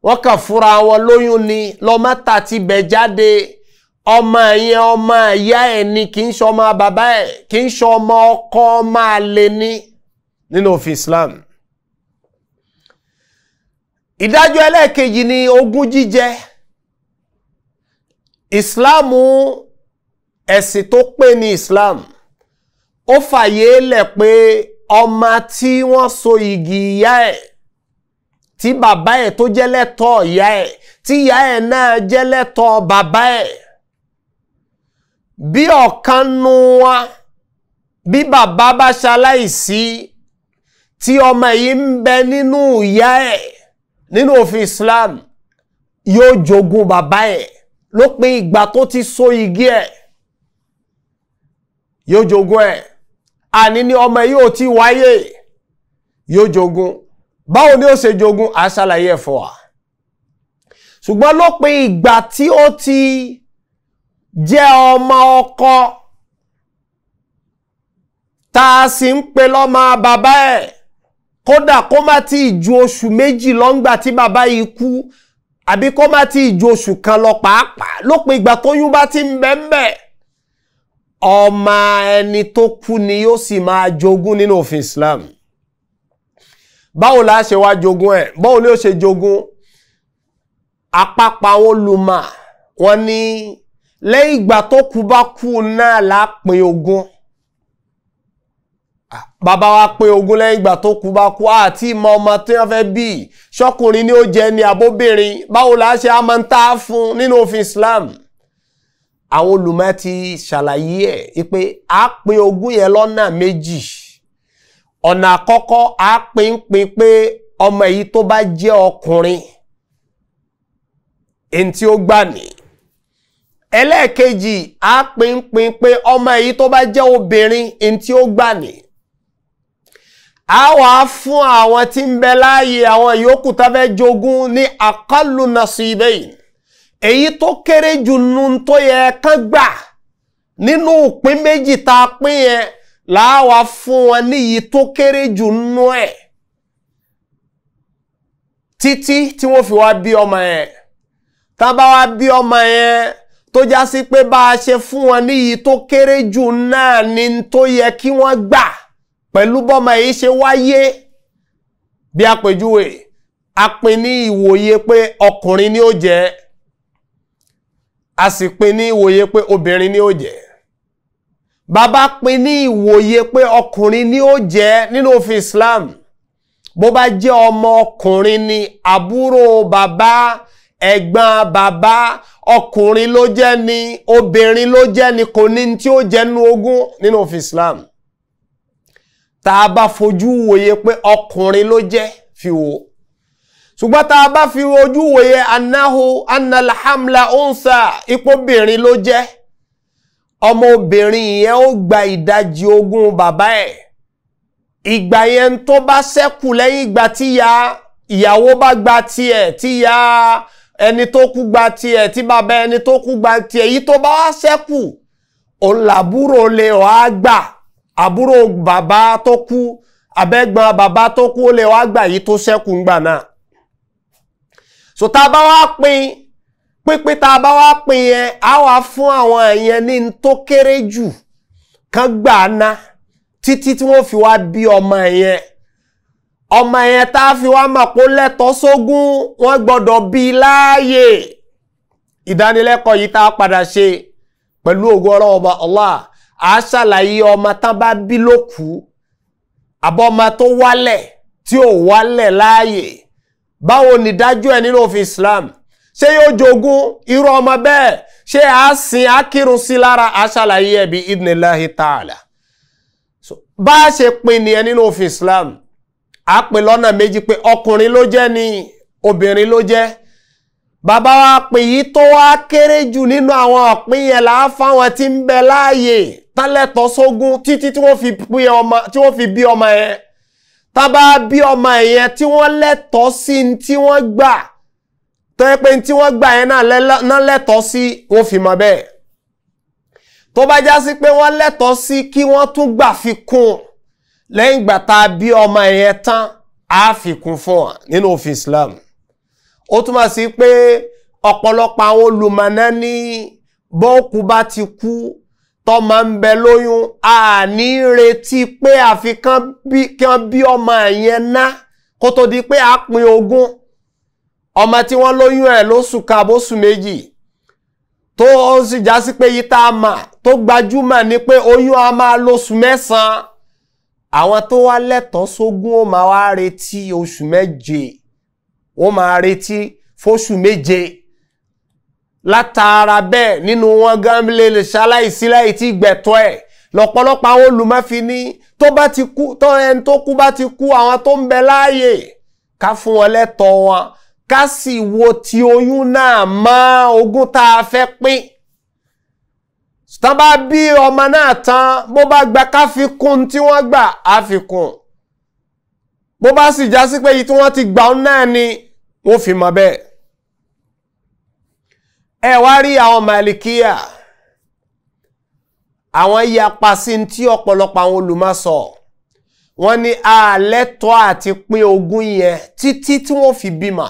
wọ́n kàn fúnra wọn lóyún ni lọ́mọ́ta ti bẹ̀ jáde ọmọ yẹn ọmọ ìyá ẹ̀ ni kì í ṣọmọ bàbá ẹ̀ kì í ṣọmọ ọkọ ọmọ àlè ni nínú òfin Islam ìdájọ́ ẹlẹ́ẹ̀kejì ni ogún jíjẹ ìsìláàmù ẹ̀sìn tó pé ní Islam ó fàyè lẹ̀ pé ọmọ tí wọ́n so igi ìyá ẹ̀ tí bàbá ẹ̀ tó jẹ́ lẹ́tọ̀ ìyá ẹ̀ tí ìyá ẹ̀ náà jẹ́ lẹ́tọ̀ bàbá ẹ̀ bí ọ̀kan nu wa bí bàbá bá ṣaláìsí tí ọmọ yìí ń bẹ nínú ìyá ẹ̀ nínú òfin Islam yóò jogún bàbá ẹ̀ lópin ìgbà tó ti so igi ẹ̀ yóò jogún ẹ̀ ani ni ọmọ yóò ti wáyé yóò jogun báwo ni ó ṣe jogun à ṣàlàyé ẹ̀ fún wa ṣùgbọ́n lópin ìgbà tí ó ti jẹ́ ọmọ ọkọ tá a sì ń pe lọ́mọ bàbá ẹ̀ kódà kó má ti ju oṣù méjì lọ́ngbà tí bàbá yìí kú àbí kó má ti ju oṣù kan lọ pàápàá lópin ìgbà tóyún bá ti ń bẹ́ẹ̀ ọmọ ẹni tó kú ni yóò sì máa jogún nínú òfin Islam báwo la ṣe wá jogún ẹ báwo ni ó ṣe jogún àpapọ̀ àwọn olùmọ̀ wọn ní lẹ́yìn ìgbà tó kú bá kú náà la pín ogún bàbá wa pín ogún lẹ́yìn ìgbà tó kú bá kú àti ìmọ̀ ọmọ tí wọ́n fẹ́ bí ṣọkùnrin ni ó jẹ ni àbóbìnrin báwo la ṣe a máa ń ta fún nínú òfin Islam àwọn olùmọ̀ ti ṣàlàyé ẹ̀ pé a pín ogún yẹn lọ́nà méjì ọ̀nà àkọ́kọ́ a pín pín pé ọmọ èyí tó bá jẹ́ ọkùnrin èyí tí ó gbà ní ẹlẹ́ẹ̀kejì a pín pín pé ọmọ èyí tó bá jẹ́ obìnrin èyí tí ó gbà ní a wà fún àwọn tí ń bẹ láàyè àwọn ìyókù tó fẹ́ jogún ní aqallu nasibayn èyí tó kéré jù nu tó yẹ kán gbà nínú òpin méjì tá a pín yẹn láwa fún wọn níyì tó kéré jù nú ẹ̀ títí tí wọ́n fi wá bí ọmọ yẹn tá a bá wá bí ọmọ yẹn tó já sí pé bá a ṣe fún wọn níyì tó kéré jù náà ni tó yẹ kí wọ́n gbà pẹ̀lú bọ́mọ yìí ṣe wáyé bí àpèjúwe a pin ní ìwòye pé ọkùnrin ni ó jẹ́ a sì pin ní ìwòye pé obìnrin ni ó jẹ́ bàbá pin ní ìwòye pé ọkùnrin ni ó jẹ́ nínú òfin Islam bó bá jẹ́ ọmọ ọkùnrin ni àbúrò bàbá ẹ̀gbọ́n bàbá ọkùnrin ló jẹ́ ni obìnrin ló jẹ́ ni kò ní tí ó jẹ́ nínú ogún nínú òfin Islam tá a bá fojú wòye pé ọkùnrin ló jẹ́ fi wò ṣùgbọ́n tá a bá fi ojú wòye anahu analhamla onsa ipobìnrin ló jẹ́ ọmọbìnrin yẹn ó gba ìdajì ogún bàbá ẹ̀ ìgbà yẹn tó bá ṣẹ́kù lẹ́yìn ìgbà tíya ìyàwó bá gba tiẹ̀ tíya ẹni tó kú gba tiẹ̀ tí bàbá ẹni tó kú gba tiẹ̀ èyí tó bá wá ṣẹ́kù òun lè wá gbà àbúrò bàbá tó kú abẹ́gbọ́n bàbá tó kú ó lè wá gbà yìí tó ṣẹ́kù ńgbà náà so tá pin bá wá pín pínpín tá a bá wá pín yẹn á wá fún àwọn èèyàn ní tó kéré jù kán gbà ná títí fi wa bi ọmọ yẹn ọmọ yẹn ta fi wa mọ̀ pé lẹ́tọ̀ọ́ sógún wọ́n bi bí i láàyè ìdánilẹ́kọ̀ọ́ yìí tá a padà ṣe ọba Allah a ṣàlàyé ọmọ tán ba bi lókù àbọ̀mọ to wale ti o wale laaye. báwo ni dájú ẹ nínú òfin Islam ṣé yóò jogún irú ọmọ bẹ́ẹ̀ ṣé a sin akírun sí lára aṣàlàyé ẹ̀bí idnilahi ta'ala bá a ṣe pin nìyẹn nínú òfin Islam a pin lọ́nà méjì pé ọkùnrin ló ni obìnrin ló bàbá wa pin yìí tó wá kéré jù nínú àwọn yela yẹn là á fáwọn tí ń bẹ láàyè tálẹ̀tọ́ sógún títí tí wọ́n fi bí ọmọ tábà bí ọmọ ẹ̀yẹn tí wọ́n lẹ́tọ̀ọ́ sí ní tí wọ́n gbà tó yẹ pé ní tí wọ́n gbà yẹn náà lẹ́tọ̀ọ́ sí wọ́n fi mọ̀ bẹ́ẹ̀ tó bá já sí pé wọ́n lẹ́tọ̀ọ́ sí kí wọ́n tún gbà fi kún lẹ́yìn ìgbà tá a bí ọmọ ẹ̀yẹn tán á fi kún fún wa nínú òfin Islam ó túmọ̀ sí pé ọ̀pọ̀lọpọ̀ àwọn olùmọ̀nà ní bọ́ọ̀kú bá ti kú tọ́mọ ń bẹ lóyún a ní retí pé àfi kán bí ọmọ yẹn ná kó tó di pé a pín ogún ọmọ tí wọ́n lóyún ẹ̀ lóṣù kàbóṣù méjì tó ó sì já sí pé yíta mà tó gbajúmọ̀ ni pé oyún a máa lóṣù mẹ́sàn àwọn tó wá lẹ́tọ̀ọ́ sógún ó máa wá retí oṣù méje ó máa retí fóṣù méje látara bẹ́ẹ̀ nínú wọn gan lè lè ṣaláìsí láì tí gbẹ̀tọ́ ẹ̀ lọ́pọ̀lọpọ̀ àwọn olùmọ́fi ní tó bá ti kú tó ẹni tó kú bá ti kú àwọn tó ń bẹ láàyè ká fún wọn lẹ́tọ̀ọ́ wọn ká sì wo ti oyún náà mọ́ ogún tá a fẹ́ pín tán bá bí ọmọ náà tán bó bá gba ká fi kún tí wọ́n gbà á fi kún bó bá sì já sí pé èyí tí wọ́n ti gbà ọ́ náà ni wọ́n fi mọ̀ bẹ́ẹ̀ ẹ wá rí àwọn malikiya àwọn yapa sí tí ọ̀pọ̀lọpọ̀ àwọn olùmọ̀ sọ wọ́n ní àlẹ́tọ́ àti pín ogún yẹn títí tí wọ́n fi bímọ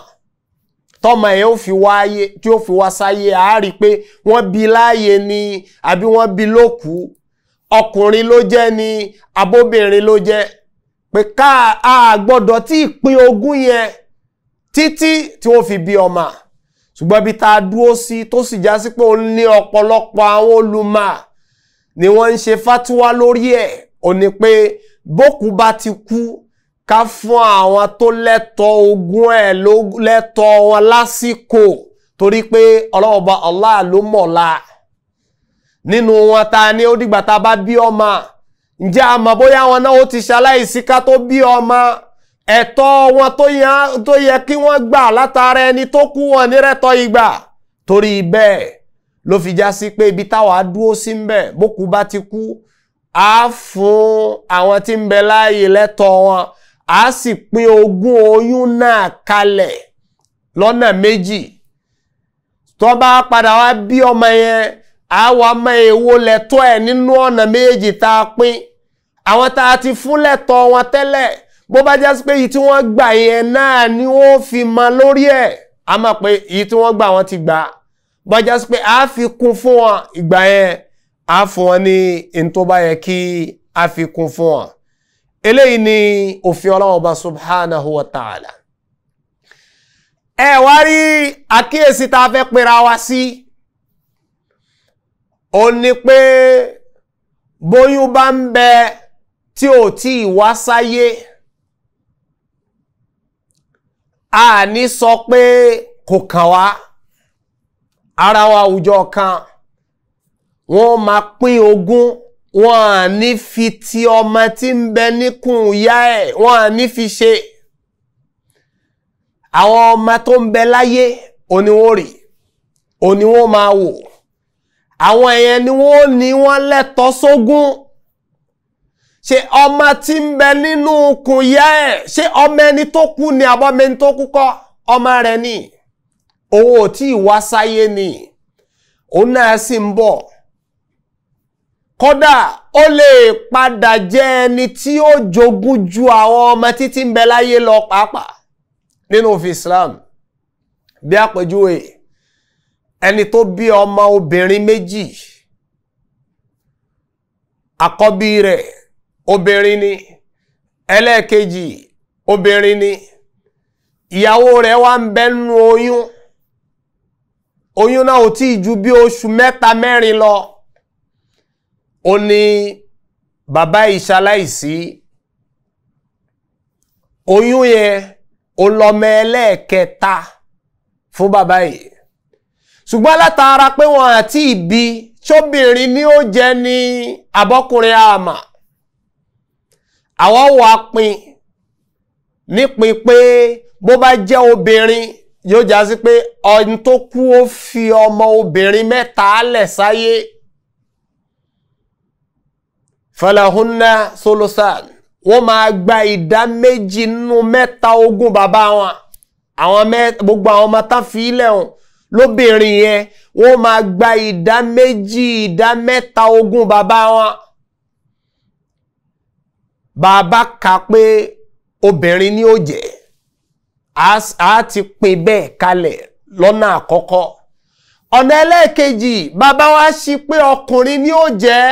tọ́mọ yẹn tí ó fi wá sáyé a rí pé wọ́n bí láàyè ni àbí wọ́n bí lókú ọkùnrin ló jẹ́ ni abóbìnrin ló jẹ́ pé ká a gbọ́dọ̀ tí ìpín ogún yẹn títí tí wọ́n fi bí ọmọ ṣùgbọ́n ibi tá a dúró sí tó sì já sí pé ó ní ọ̀pọ̀lọpọ̀ àwọn olùmọ̀ ni wọ́n ń ṣe fátúwá lórí ẹ̀ ò ní pé bókú bá ti kú ká fún àwọn tó lẹ́tọ̀ọ́ ogún ẹ̀ lẹ́tọ̀ọ́ wọn lásìkò torí pé ọlọ́ọ̀bá Allah ló mọ̀la nínú wọn ta ni ó dìgbà tá bá bí ọmọ ǹjẹ́ àmọ́ bóyá wọn náà ó ti ṣaláìsí ká tó bí ọmọ ẹ̀tọ́ wọn tó yẹ kí wọ́n gbà látara ẹni tó kú wọn nírẹ̀tọ́ igba torí bẹ́ẹ̀ ló fi já sí pé ibi táwa dúró sí ń bẹ̀ bókú bá ti kú á fún àwọn tí ń bẹ láàyè lẹ́tọ́ wọn á sì pín ogún oyún náà kalẹ̀ lọ́nà méjì tó bá padà wá bí ọmọ yẹn á wá mọ èwo lẹ́tọ́ ẹ̀ nínú ọ̀nà méjì tá a pín àwọn tá a ti fún lẹ́tọ́ wọn tẹ́lẹ̀ bó bá jásí pé èyí tí wọ́n gbà yẹn náà ni wọ́n fi ma lórí ẹ̀ a mọ̀ pé èyí tí wọ́n gbà wọ́n ti gbà bó jásí pé a fi kún fún wọn ìgbà yẹn a fún wọn ní n tó kí a fi kún fún wọn eléyìí ni òfin ọlọ́wọ́n bá subhanahu wa ta'ala ẹ wá rí àkíyèsí tá a fẹ́ pera wa sí ó ní pé bóyún bá ń bẹ tí ò tí ì wá sáyé. a ní sọ pé kò kàn wá ara wa àwùjọ kan wọ́n máa pín ogún wọ́n à ní fi ti ọmọ tí ń bẹ níkùn ìyá ẹ̀ wọ́n à ní fi ṣe àwọn ọmọ tó ń bẹ láyé oníwórì oníwó máa wò àwọn èèyàn ni wọ́n ní wọ́n lẹ́tọ̀ọ́ sógún. So ṣe ọmọ tí ń bẹ nínú okùn yá ẹ̀ ṣé ọmọ ẹni tó kú ni àbọ̀mọ ẹni tó kú kọ́ ọmọ rẹ̀ ni òun tí ì sáyé ni òun náà sì ń bọ̀ kódà ó lè padà jẹ́ ẹni tí ó jogún ju àwọn ọmọ títí ń bẹ láyé lọ pàápàá nínú òfin Islam bí àpèjúwe ẹni tó bí ọmọ obìnrin méjì àkọ́bí rẹ̀ obìnrin ni ẹlẹ́ẹ̀kejì obìnrin ni ìyàwó rẹ̀ wá ń bẹ́nu oyún oyún náà ò tíì ju bí oṣù mẹ́ta mẹ́rin lọ ó ní bàbá ìṣaláìsí oyún yẹn ó lọ́mọ ẹlẹ́ẹ̀kẹta fún bàbá yìí ṣùgbọ́n látara pé wọn àti ìbí ṣóbìnrin ni ó jẹ́ ní abọ́kùnrin àmà àwọn wà pin nípin pé bó bá jẹ́ obìnrin yóò já sí pé ọ̀n tó kú ó fi ọmọ obìnrin mẹ́ta lẹ̀ sáyé falahunna solosan wọ́n máa gba ìdá méjì nínú mẹ́ta ogún bàbá wọn àwọn gbogbo àwọn ọmọ tán fi ilẹ̀ hàn lóbìnrin yẹn wọ́n máa gba ìdá méjì ìdá mẹ́ta ogún bàbá wọn bàbá ka pé obìnrin ni ó jẹ́ a ti pin bẹ́ẹ̀ kalẹ̀ lọ́nà àkọ́kọ́ ọ̀nà ẹlẹ́ẹ̀kejì bàbá wa ṣí pé ọkùnrin ni ó jẹ́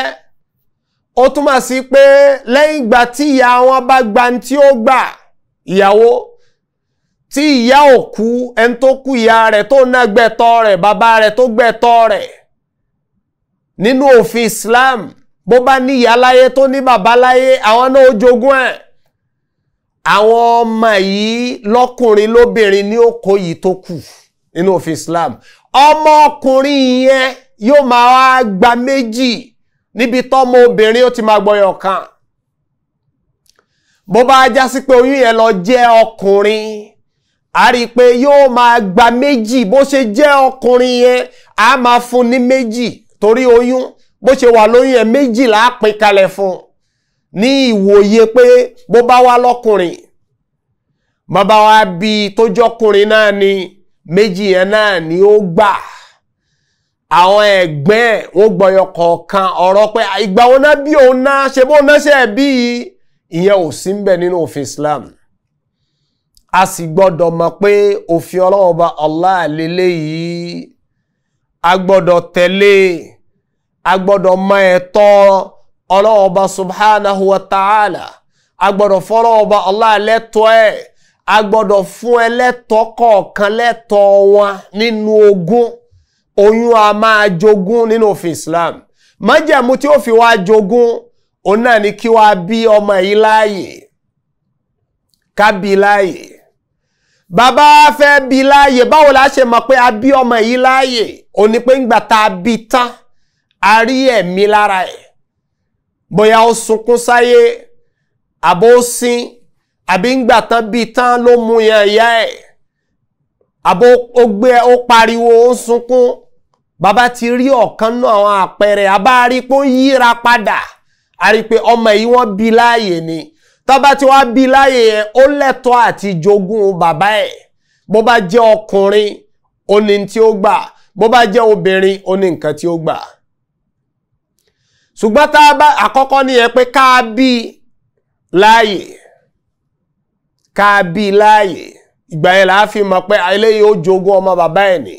ó túmọ̀ sí pé lẹ́yìn ìgbà tí ìyá wọn bá gba ní tí ó gbà ìyàwó tí ìyá òkú ẹni tó kú ìyá rẹ̀ tó ná gbẹ̀tọ́ rẹ̀ bàbá rẹ̀ tó gbẹ̀tọ́ rẹ̀ nínú òfin Islam bó bá níyà láyé tó ní bàbá láyé àwọn náà ó jogún ẹ̀ àwọn ọmọ yìí lọ́kùnrin lóbìnrin ní ó yìí tó kù nínú òfin Islam ọmọ ọkùnrin yẹn yóò máa wá gba méjì níbi tọ́mọ obìnrin ó ti máa gbọyọ̀ kan bó bá já sí pé oyún yẹn lọ jẹ́ ọkùnrin a rí i pé yóò máa gba méjì bó ṣe jẹ́ ọkùnrin yẹn a máa fún ní méjì torí oyún bó ṣe wà lóyún ẹ méjìlá pín kalẹ̀ fún ní ìwòye pé bó bá wá lọ́kùnrin bàbá wa bí tó jọkùnrin náà ni méjì yẹn náà ni ó gbà àwọn ẹ̀gbẹ́ wọn gbọyọ kọ̀ọ̀kan ọ̀rọ̀ pé ìgbà wo náà bí òun náà ṣe bó náà ṣe bí ìyẹn ò sí ń nínú òfin Islam a sì gbọ́dọ̀ mọ̀ pé òfin ọlọ́wọ́ bá Allah lélẹ́yìí a gbọ́dọ̀ tẹ̀lé e. agbọ́dọ̀ mọ ẹ̀tọ́ ọlọ́ọba subhanahu wa ta'ala agbọdọ fọrọ ọba ọla ẹ̀ agbọ́dọ̀ fún ẹlẹ́tọ́ kọ̀ọ̀kan kọọkan wọn nínú ogún oyún a máa jogún nínú òfin Islam májẹ̀mú tí ó fi wá jogún òun náà ni kí bí ọmọ yìí láàyè ká láàyè bàbá fẹ́ bí láàyè báwo la ṣe mọ̀ pé a ọmọ yìí láàyè òun ni pé ń a rí ẹ̀mí lára ẹ̀ bóyá ó sunkún sáyé àbó sin àbí ńgbà tán bíi tán ló mú yan ìyá ẹ̀ àbó ó gbé ó pariwo ó ń sunkún bàbá ti rí ọ̀kan náà àwọn àpẹẹrẹ àbá rí pé ó yíra padà a rí pé ọmọ yìí wọ́n bí láàyè ni tọ́ba tí wọ́n bí láàyè yẹn ó lẹ́tọ̀ọ́ àti jogún bàbá ẹ̀ bó bá jẹ́ ọkùnrin ó ní tí ó gbà bó bá jẹ́ obìnrin ó ní nǹkan tí ó gbà ṣùgbọ́n tá a bá àkọ́kọ́ nìyẹn pé ká láàyè ká láàyè ìgbà yẹn là á fi mọ̀ pé eléyìí ó jogún ọmọ bàbá ẹ̀ ni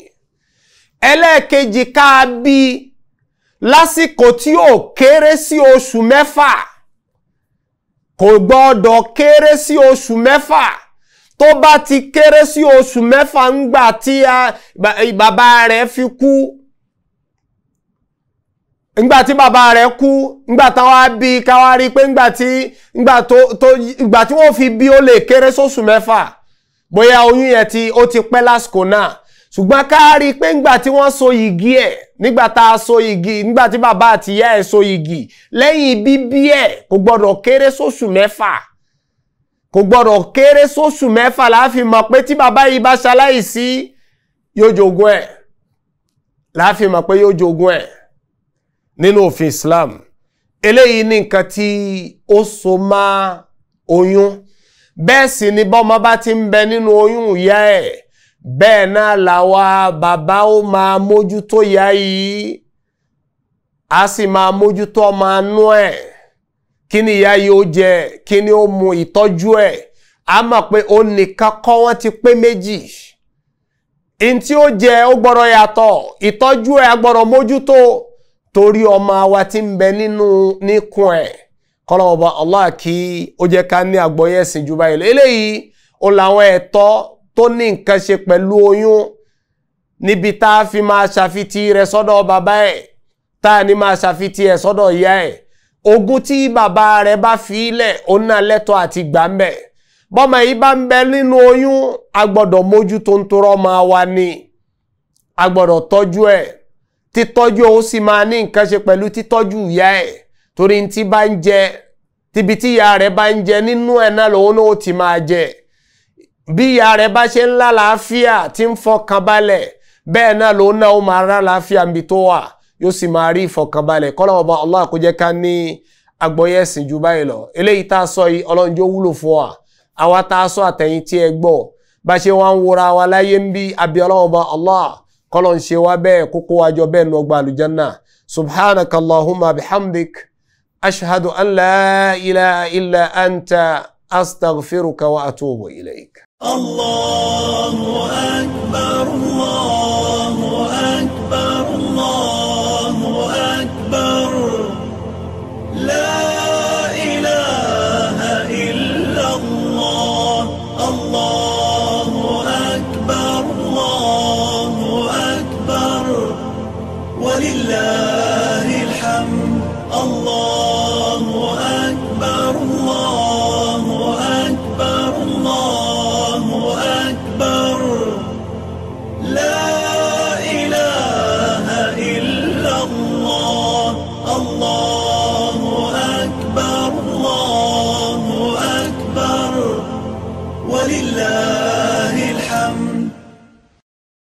ẹlẹ́ẹ̀kejì ká bí lásìkò tí ó kéré sí oṣù mẹ́fà kò gbọ́dọ̀ kéré sí oṣù mẹ́fà tó bá ti kéré sí oṣù mẹ́fà ńgbà tí bàbá rẹ̀ fi kú ngbà tí bàbá rẹ̀ kú ngbà táwọn á bí káwá rí pé ngbà tí ngbà tó tó ngbà tí wọ́n fi bí ó lè kéré sóṣù mẹ́fà bóyá oyún yẹn ti ó ti pẹ́ lásìkò náà ṣùgbọ́n ká rí i pé ngbà tí so yìgì ẹ̀ nígbà tá so yìgì nígbà tí bàbá àti ìyá ẹ̀ so yìgì lẹ́yìn bíbí ẹ̀ kò gbọ́dọ̀ kéré sóṣù mẹ́fà kò gbọ́dọ̀ kéré sóṣù mẹ́fà láàfin mọ̀ pé tí bàbá yìí bá ṣaláìsí yóò jogún ẹ̀ láàfin mọ̀ pé yóò jogún ẹ̀ nínú òfin Islam eléyìí ní nǹkan tí ó so mọ́ oyún bẹ́ẹ̀ sì ni bọ́mọ bá ti ń bẹ nínú oyún ìyá ẹ̀ bẹ́ẹ̀ náà làwa bàbá ó máa mójútó ìyá yìí a sì máa mójútó ọmọ anú ẹ̀ kí ni ìyá yìí ó jẹ kí ni ó mu ìtọ́jú ẹ̀ a mọ̀ pé ó nìkan kọ́ wọ́n ti pé méjì n tí ó jẹ ó gbọ́dọ̀ yàtọ̀ ìtọ́jú ẹ̀ a gbọ́dọ̀ mójútó torí ọmọ wa ti ń bẹ nínú níkùn ẹ ọba Allah kí ó jẹ́ ká ní àgbọ́yé ẹ̀sìn juba báyìí lọ eléyìí ó làwọn ẹ̀tọ́ tó ní nǹkan ṣe pẹ̀lú oyún níbi tá a fi máa ṣàfitì rẹ̀ sọ́dọ̀ bàbá ẹ̀ tá a ní máa ṣàfitì ẹ̀ sọ́dọ̀ ìyá ẹ̀ ogún tí bàbá rẹ̀ bá fi àti gbà oyún ń wa ni tọ́jú títọ́jú ó sì máa ní nǹkan ṣe pẹ̀lú títọ́jú ìyá ẹ̀ torí tí bá ń jẹ tibi tí ìyá rẹ̀ bá ń jẹ nínú ẹ̀ náà lòun náà ó ti máa jẹ bí ìyá rẹ̀ bá ṣe ń lálàáfíà tí ń fọkàn balẹ̀ bẹ́ẹ̀ náà lòun náà ó máa lálàáfíà níbi tó wà yóò sì máa rí ìfọkànbalẹ̀ kọ́lá ọba Allah kó ká ní agbọ́yé ẹ̀sìn ju báyìí lọ eléyìí tá a sọ yìí ọlọ́run wúlò fún wa àwa tá a sọ àtẹ̀yìn tí ẹ gbọ́ bá ṣe wá ń wora wa láyé ń bí abẹ́ ọba Allah kọ́lọ̀ ń ṣe wá bẹ́ẹ̀ kókó wájọ bẹ́ẹ̀ nu ọgbà àlùjánná subhanaka allahumma bihamdik ashhadu an la ilaha illa anta astaghfiruka wa atubu ilayk. allahu akbar allahu.